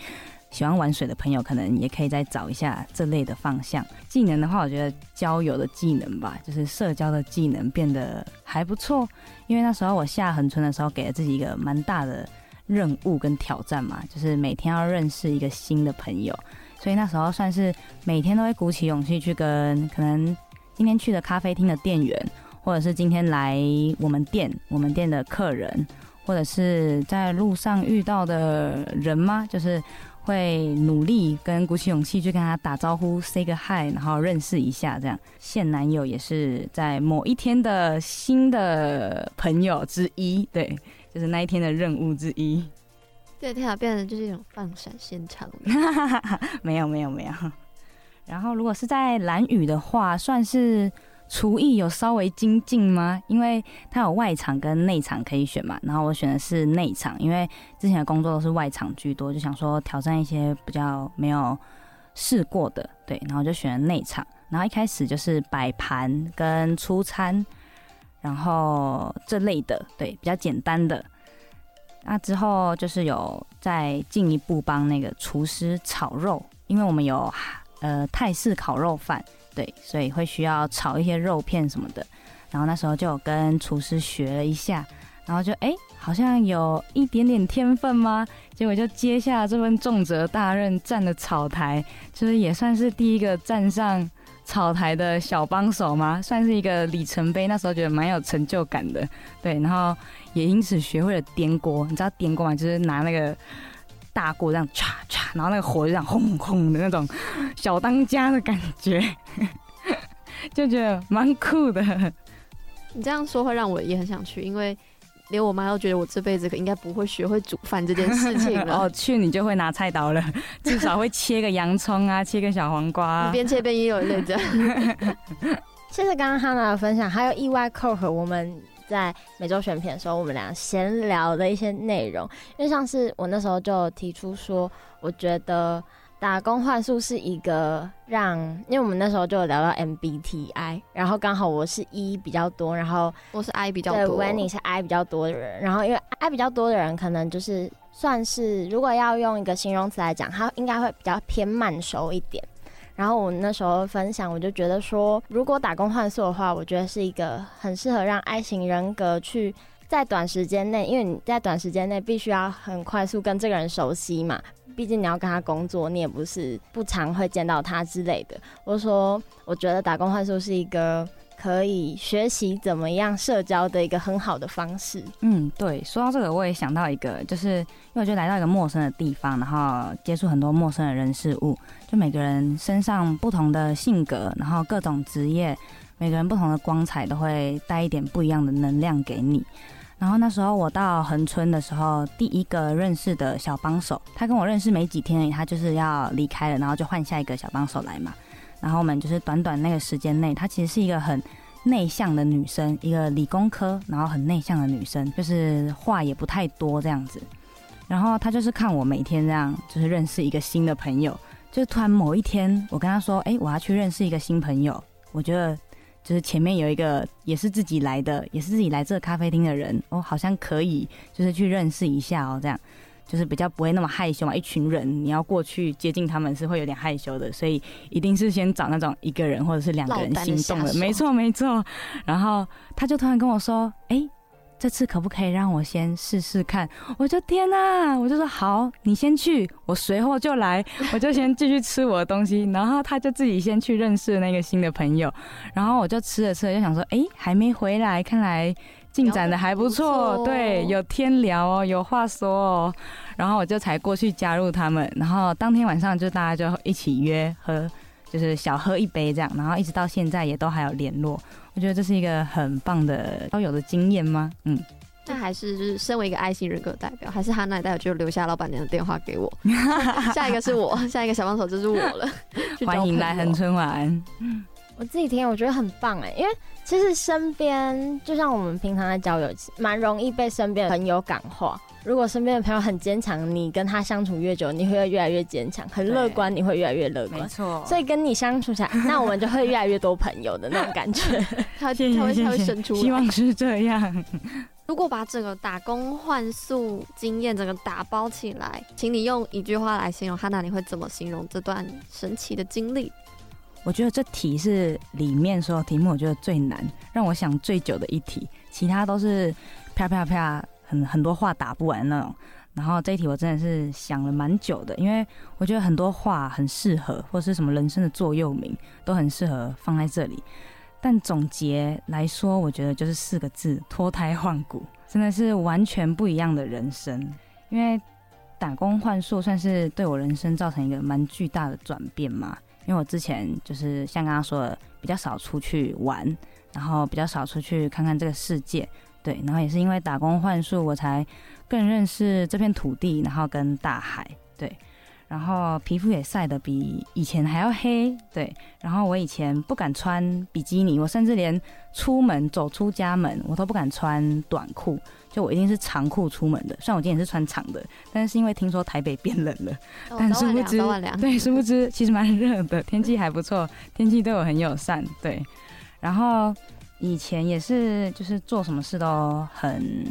Speaker 3: 喜歡玩水的朋友可能也可以再找一下這類的方向。技能的話，我覺得交友的技能吧，就是社交的技能變得還不錯。因為那時候我下恆春的時候，給了自己一個蠻大的任務跟挑戰嘛，就是每天要認識一個新的朋友，所以那時候算是每天都會鼓起勇氣去跟可能今天去的咖啡廳的店員，或者是今天來我們店我們店的客人。或者是在路上遇到的人嗎？就是會努力跟鼓起勇氣去跟他打招呼，say 個 hi，然後認識一下。這樣，現男友也是在某一天的新的朋友之一，對，就是那一天的任務之一。
Speaker 1: 對，天啊，變得就是一種放閃現場
Speaker 3: 沒有，沒有，沒有。然後，如果是在蘭嶼的話，算是。廚藝有稍微精進嗎？因為它有外場跟內場可以選嘛，然後我選的是內場，因為之前的工作都是外場居多，就想說挑戰一些比較沒有試過的，對，然後就選了內場。然後一開始就是擺盤跟出餐，然後這類的，對，比較簡單的。那之後就是有再進一步幫那個廚師炒肉，因為我們有呃泰式烤肉飯。對，所以會需要炒一些肉片什麼的，然後那時候就跟廚師學了一下，然後就哎、欸，好像有一點點天分嗎？結果就接下了這份重責大任，站了炒台，就是也算是第一個站上炒台的小幫手嗎？算是一個里程碑。那時候覺得蠻有成就感的，對，然後也因此學會了顛鍋，你知道顛鍋嗎？就是拿那個。大鍋這樣唰唰，然後那個火就這樣轟轟的那種小當家的感覺， 就覺得蠻酷的。
Speaker 1: 你這樣說會讓我也很想去，因為連我媽都覺得我這輩子可應該不會學會煮
Speaker 3: 飯這件事情了。 哦，去你就會拿菜刀了，至少會切個洋蔥啊， 切個小黃瓜啊，你邊切邊也有這樣。
Speaker 2: 謝謝剛剛哈娜的分享，還有意外扣和我們在每周選品的時候，我們倆閒聊的一些內容，因為像是我那時候就提出說，我覺得打工換宿是一個讓，因為我們那時候就有聊到 MBTI，然後剛好我是 E 比較多，然後我是 I 比較多，對，Winnie 是 I 比較多的人，然後因為 I 比較多的人，可能就是算是如果要用一個形容詞來講，他應該會比較偏慢熟一點。然後我那時候分享，我就覺得說，如果打工換宿的話，我覺得是一個很適合讓 I 型人格去在短時間內，因為你在短時間內必須要很快速跟這個人熟悉嘛，畢竟你要跟他工作，你也不是不常會見到他之類的。我說，我覺得打工換宿是一個。可以學習怎麼樣社交的一個很好的方式。
Speaker 3: 嗯，對，說到這個，我也想到一個，就是因為我覺得來到一個陌生的地方，然後接觸很多陌生的人事物，就每個人身上不同的性格，然後各種職業，每個人不同的光彩都會帶一點不一樣的能量給你。然後那時候我到恆春的時候，第一個認識的小幫手，他跟我認識沒幾天，他就是要離開了，然後就換下一個小幫手來嘛。然後我們就是短短那個時間內，她其實是一個很內向的女生，一個理工科，然後很內向的女生，就是話也不太多這樣子。然後她就是看我每天這樣，就是認識一個新的朋友，就突然某一天我跟她說，欸，我要去認識一個新朋友，我覺得就是前面有一個也是自己來的，也是自己來這個咖啡廳的人，哦，好像可以就是去認識一下哦，這樣。就是比較不會那麼害羞嘛，一群人你要過去接近他們是會有點害羞的，所以一定是先找那種一個人或者是兩個人心動的，的沒錯沒錯。然後他就突然跟我說：“哎、欸，這次可不可以讓我先試試看？”我就天哪、啊，我就說好，你先去，我隨後就來，我就先繼續吃我的東西。 然後他就自己先去認識那個新的朋友，然後我就吃了吃了，就想說：“哎、欸，還沒回來，看來。”進展的還不錯，對，有天聊哦、喔，有話說哦、喔，然後我就才過去加入他們，然後當天晚上就大家就一起約喝，就是小喝一杯這樣，然後一直到現在也都還有聯絡。我覺得這是一個很棒的交友的經驗嗎？嗯，
Speaker 1: 那還是就是身為一個愛心人格代表，還是哈娜代表就留下老闆娘的電話給我
Speaker 2: 下一個是我，下一個小幫手就是我了，歡迎來恆春玩嗯。我自己聽，我覺得很棒哎，因為其實身邊就像我們平常在交友，蠻容易被身邊的朋友感化。如果身邊的朋友很堅強，你跟他相處越久，你會越來越堅強，很樂觀，你會越來越樂觀。沒錯對。所以跟你相處起來，錯那我們就會越來越多朋友的那種感覺。
Speaker 1: 他他 會他謝會生
Speaker 2: 出
Speaker 3: 希望是這樣。
Speaker 1: 如果把整個打工換宿經驗整個打包起來，請你用一句話來形容哈娜，你會怎麼形容這段神奇的經
Speaker 3: 歷？我覺得這題是裡面所有題目我覺得最難，讓我想最久的一題，其他都是啪啪啪,啪，很很多話打不完的那種。然後這一題我真的是想了蠻久的，因為我覺得很多話很適合，或是什麼人生的座右銘，都很適合放在這裡。但總結來說，我覺得就是四個字：脫胎換骨，真的是完全不一樣的人生。因為打工換宿算是對我人生造成一個蠻巨大的轉變嘛。因為我之前就是像剛剛說的，比較少出去玩，然後比較少出去看看這個世界，對，然後也是因為打工換宿，我才更認識這片土地，然後跟大海，對，然後皮膚也曬得比以前還要黑，對，然後我以前不敢穿比基尼，我甚至連出門走出家門，我都不敢穿短褲。就我一定是長褲出門的，雖然我今天也是穿長的，但是因為聽說台北變冷了，哦、但殊不知對，殊不知其實蠻熱的， 天氣還不錯，天氣對我很友善，對。然後以前也是，就是做什麼事都很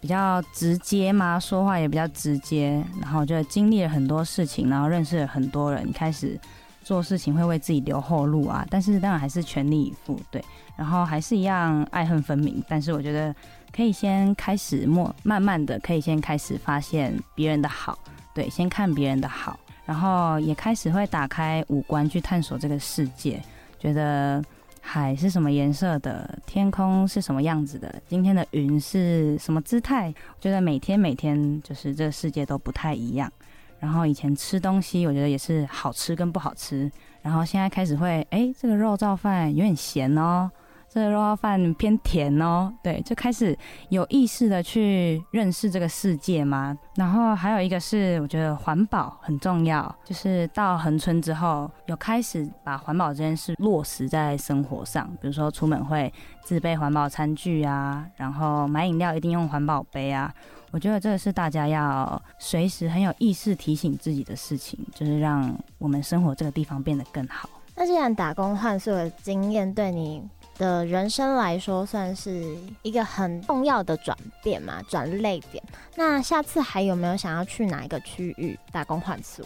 Speaker 3: 比較直接嘛，說話也比較直接，然後就經歷了很多事情，然後認識了很多人，開始做事情會為自己留後路啊，但是當然還是全力以赴，對。然後還是一樣愛恨分明，但是我覺得。可以先開始，慢慢的可以先開始發現別人的好，對，先看別人的好，然後也開始會打開五官去探索這個世界，覺得海是什麼顏色的，天空是什麼樣子的，今天的雲是什麼姿態，我覺得每天每天就是這個世界都不太一樣。然後以前吃東西，我覺得也是好吃跟不好吃，然後現在開始會，欸，這個肉燥飯有點鹹哦。這個肉飯偏甜哦，對，就開始有意識的去認識這個世界嘛。然後還有一個是，我覺得環保很重要，就是到恆春之後，有開始把環保這件事落實在生活上，比如說出門會自備環保餐具啊，然後買飲料一定用環保杯啊。我覺得這個是大家要隨時很有意識提醒自己的事情，就是讓我們生活這個地方變得更好。
Speaker 2: 那既然打工換宿的經驗對你的人生來說，算是一個很重要的轉變嘛，轉捩點。那下次還有沒有想要去哪
Speaker 3: 一個區域打工換宿？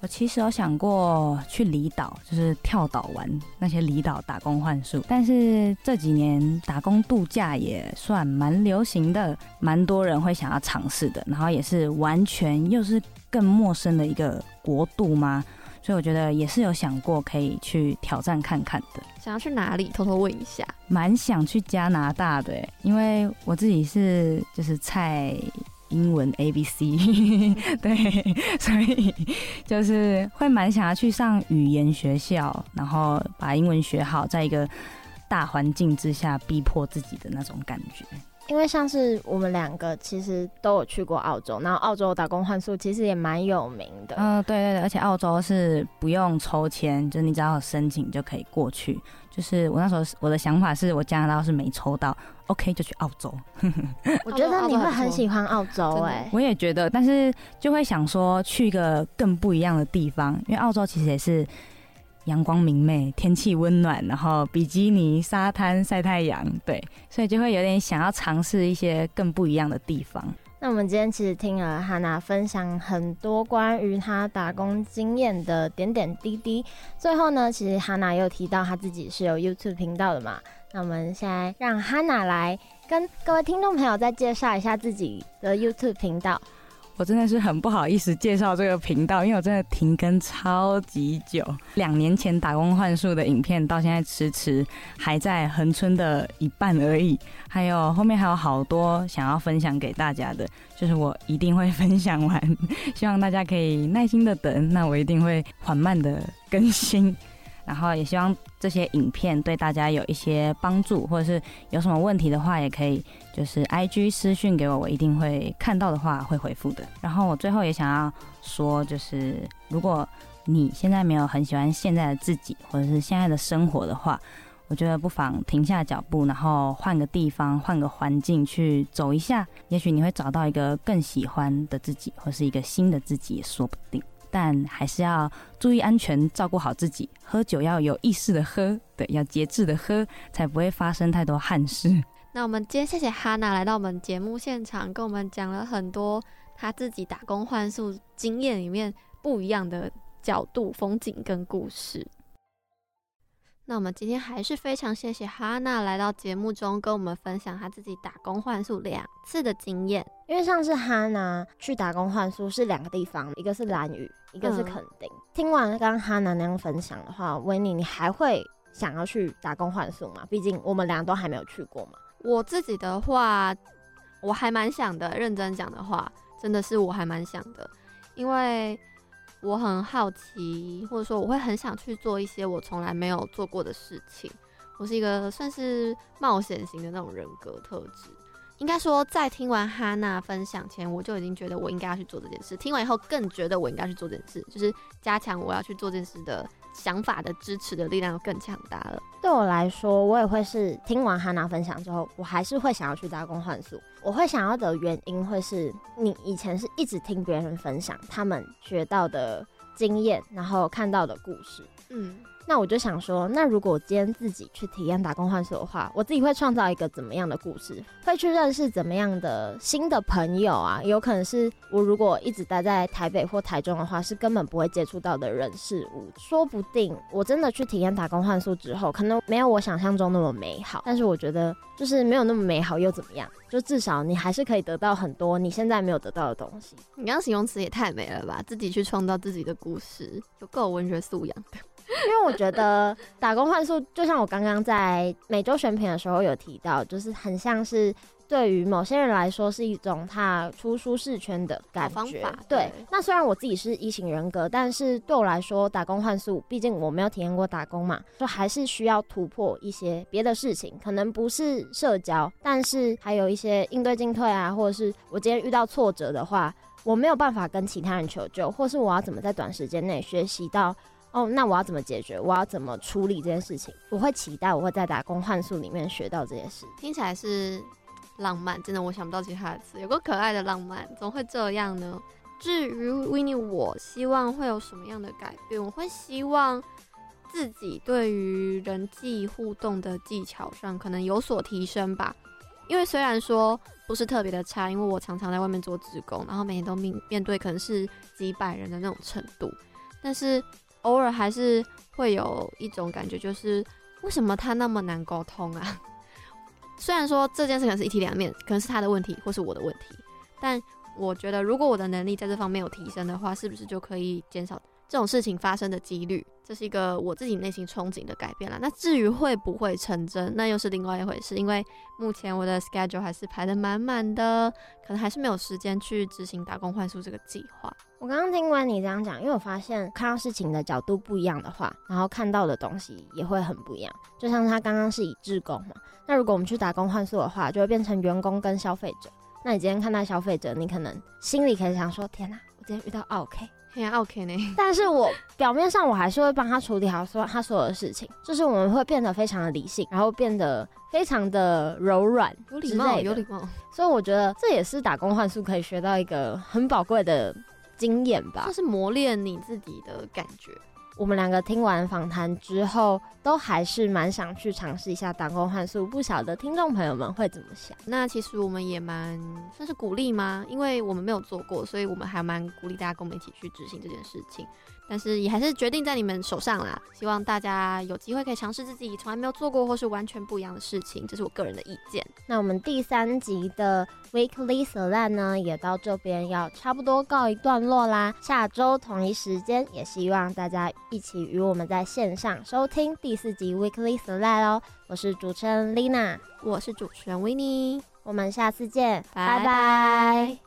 Speaker 3: 我其實有想過去離島，就是跳島玩那些離島打工換宿。但是這幾年打工度假也算蠻流行的，蠻多人會想要嘗試的。然後也是完全又是更陌生的一個國度嘛。所以我覺得也是有想過可以去挑戰看看的。想要去哪裡？偷偷問一下。蠻想去加拿大的，因為我自己是就是菜英文 ABC， 對，所以就是會蠻想要去上語言學校，然後把英文學好，在一個大環境之下逼迫自己的那種感覺。
Speaker 2: 因為像是我們兩個其實都有去過澳洲，然後澳洲打工換宿其實也蠻有名的。
Speaker 3: 嗯、呃，對對對，而且澳洲是不用抽籤，就你只要有申請就可以過去。就是我那時候我的想法是我加拿大是沒抽到，OK 就去澳洲。 我覺得你會很喜歡澳洲哎， 我也覺得，但是就會想說去一個更不一樣的地方，因為澳洲其實也是。陽光明媚，天氣溫暖，然後比基尼沙灘曬太陽，對，所以就會有點想要嘗試一些更不一樣的地方。
Speaker 2: 那我們今天其實聽了哈娜分享很多關於她打工經驗的點點滴滴。最後呢，其實哈娜又提到她自己是有 YouTube 頻道的嘛，那我們現在讓哈娜來跟各位聽眾朋友再介紹一下自己的 YouTube 頻道。
Speaker 3: 我真的是很不好意思介紹這個頻道，因為我真的停更超級久。兩年前打工換宿的影片，到現在遲遲還在恆春的一半而已，還有後面還有好多想要分享給大家的，就是我一定會分享完，希望大家可以耐心的等，那我一定會緩慢的更新。然後也希望這些影片對大家有一些幫助，或者是有什麼問題的話，也可以就是 IG 私訊給我，我一定會看到的話會回復的。然後我最後也想要說，就是如果你現在沒有很喜歡現在的自己，或者是現在的生活的話，我覺得不妨停下腳步，然後換個地方、換個環境去走一下，也許你會找到一個更喜歡的自己，或是一個新的自己，也說不定。但還是要注意安全，照顧好自己。喝酒要有意識的喝，對，要節制的喝，才不會發生太多憾事。
Speaker 1: 那我們今天謝謝哈娜來到我們節目現場，跟我們講了很多他自己打工換宿經驗裡面不一樣的角度、風景跟故事。那我們今天還是非常謝謝哈娜來到節目中跟我們
Speaker 2: 分享她自己打工換宿兩次的經驗。因為上次哈娜去打工換宿是兩個地方，一個是蘭嶼，對一個是墾丁。嗯、聽完跟哈娜那樣分享的話，維尼，你還會想要去打工換宿嗎？畢竟我們倆都還沒有去過嘛。
Speaker 1: 我自己的話，我還蠻想的。認真講的話，真的是我還蠻想的，因為。我很好奇，或者說我會很想去做一些我從來沒有做過的事情。我是一個算是冒險型的那種人格特質。應該說，在聽完哈娜分享前，我就已經覺得我應該要去做這件事。聽完以後，更覺得我應該去做這件事，就是加強我要去做這件事的想法的支持的力量更強大了。
Speaker 2: 對我來說，我也會是聽完哈娜分享之後，我還是會想要去打工換宿。我會想要的原因會是你以前是一直聽別人分享他們學到的經驗，然後看到的故事。嗯。那我就想說，那如果我今天自己去體驗打工換宿的話，我自己會創造一個怎麼樣的故事？會去認識怎麼樣的新的朋友啊？有可能是我如果一直待在台北或台中的話，是根本不會接觸到的人事物。說不定我真的去體驗打工換宿之後，可能沒有我想象中那麼美好。但是我覺得，就是沒有那麼美好又怎麼樣？就至少你還是可以得到很多你現在沒有得到的東西。你剛
Speaker 1: 剛形容詞也太美了吧！自己去創造自己的故事，就夠文學素養
Speaker 2: 的。 因為我覺得打工換宿就像我剛剛在每周選品的時候有提到，就是很像是對於某些人來說是一種踏出舒適圈的改方法。對，對，那雖然我自己是一型人格，但是對我來說，打工換宿，畢竟我沒有體驗過打工嘛，就還是需要突破一些別的事情。可能不是社交，但是還有一些應對進退啊，或者是我今天遇到挫折的話，我沒有辦法跟其他人求救，或是我要怎麼在短時間內學習到。哦，oh, 那我要怎麼解決？我要怎麼處理這件事情？我會期待我會在打工換宿裡面學到這件事。聽起來
Speaker 1: 是浪漫，真的，我想不到其他的詞，有個可愛的浪漫，怎麼會這樣呢？至於 Winnie，我希望會有什麼樣的改變？我會希望自己對於人際互動的技巧上可能有所提升吧。因為雖然說不是特別的差，因為我常常在外面做職工，然後每天都面面對可能是幾百人的那種程度，但是。偶爾還是會有一種感覺，就是為什麼他那麼難溝通啊？雖然說這件事可能是一體兩面，可能是他的問題，或是我的問題，但我覺得如果我的能力在這方面有提升的話，是不是就可以減少這種事情發生的幾率，這是一個我自己內心憧憬的改變了。那至於會不會成真，那又是另外一回事。因為目前我的 schedule 還是排得滿滿的，可能還是沒有時間去執行打工換宿這個計劃。
Speaker 2: 我剛剛聽完你這樣講，因為我發現看到事情的角度不一樣的話，然後看到的東西也會很不一樣。就像他剛剛是以志工嘛，那如果我們去打工換宿的話，就會變成員工跟消費者。那你今天看到消費者，你可能心裡可以想說：天哪、
Speaker 1: 啊，我今天遇到、啊、OK。也 OK 呢，
Speaker 2: 但是我表面上我還是會幫他處理好所有他所有的事情，就是我們會變得非常的理性，然後變得非常的柔軟，有禮貌，有禮貌。所以我覺得這也是打工換宿可以學到一個很寶貴的經驗吧，就是
Speaker 1: 磨練你自己的感覺。
Speaker 2: 我們兩個聽完訪談之後，都還是蠻想去嘗試一下打工換宿，不曉得聽眾朋友們會怎麼想。
Speaker 1: 那其實我們也蠻算是鼓勵嗎？因為我們沒有做過，所以我們還蠻鼓勵大家跟我們一起去執行這件事情。但是也還是決定在你們手上啦，希望
Speaker 2: 大家有機會可以嘗試自己從來沒有做過或是完全不一樣的事情，這是我個人的意見。那我們第三集的 Weekly Select 呢，也到這邊要差不多告一段落啦。下周同一時間，也希望大家一起與我們在線上收聽第四集 Weekly Select 哦。我是主持人 Lina，我是主持人 Winnie，我們下次見，拜拜 bye。Bye bye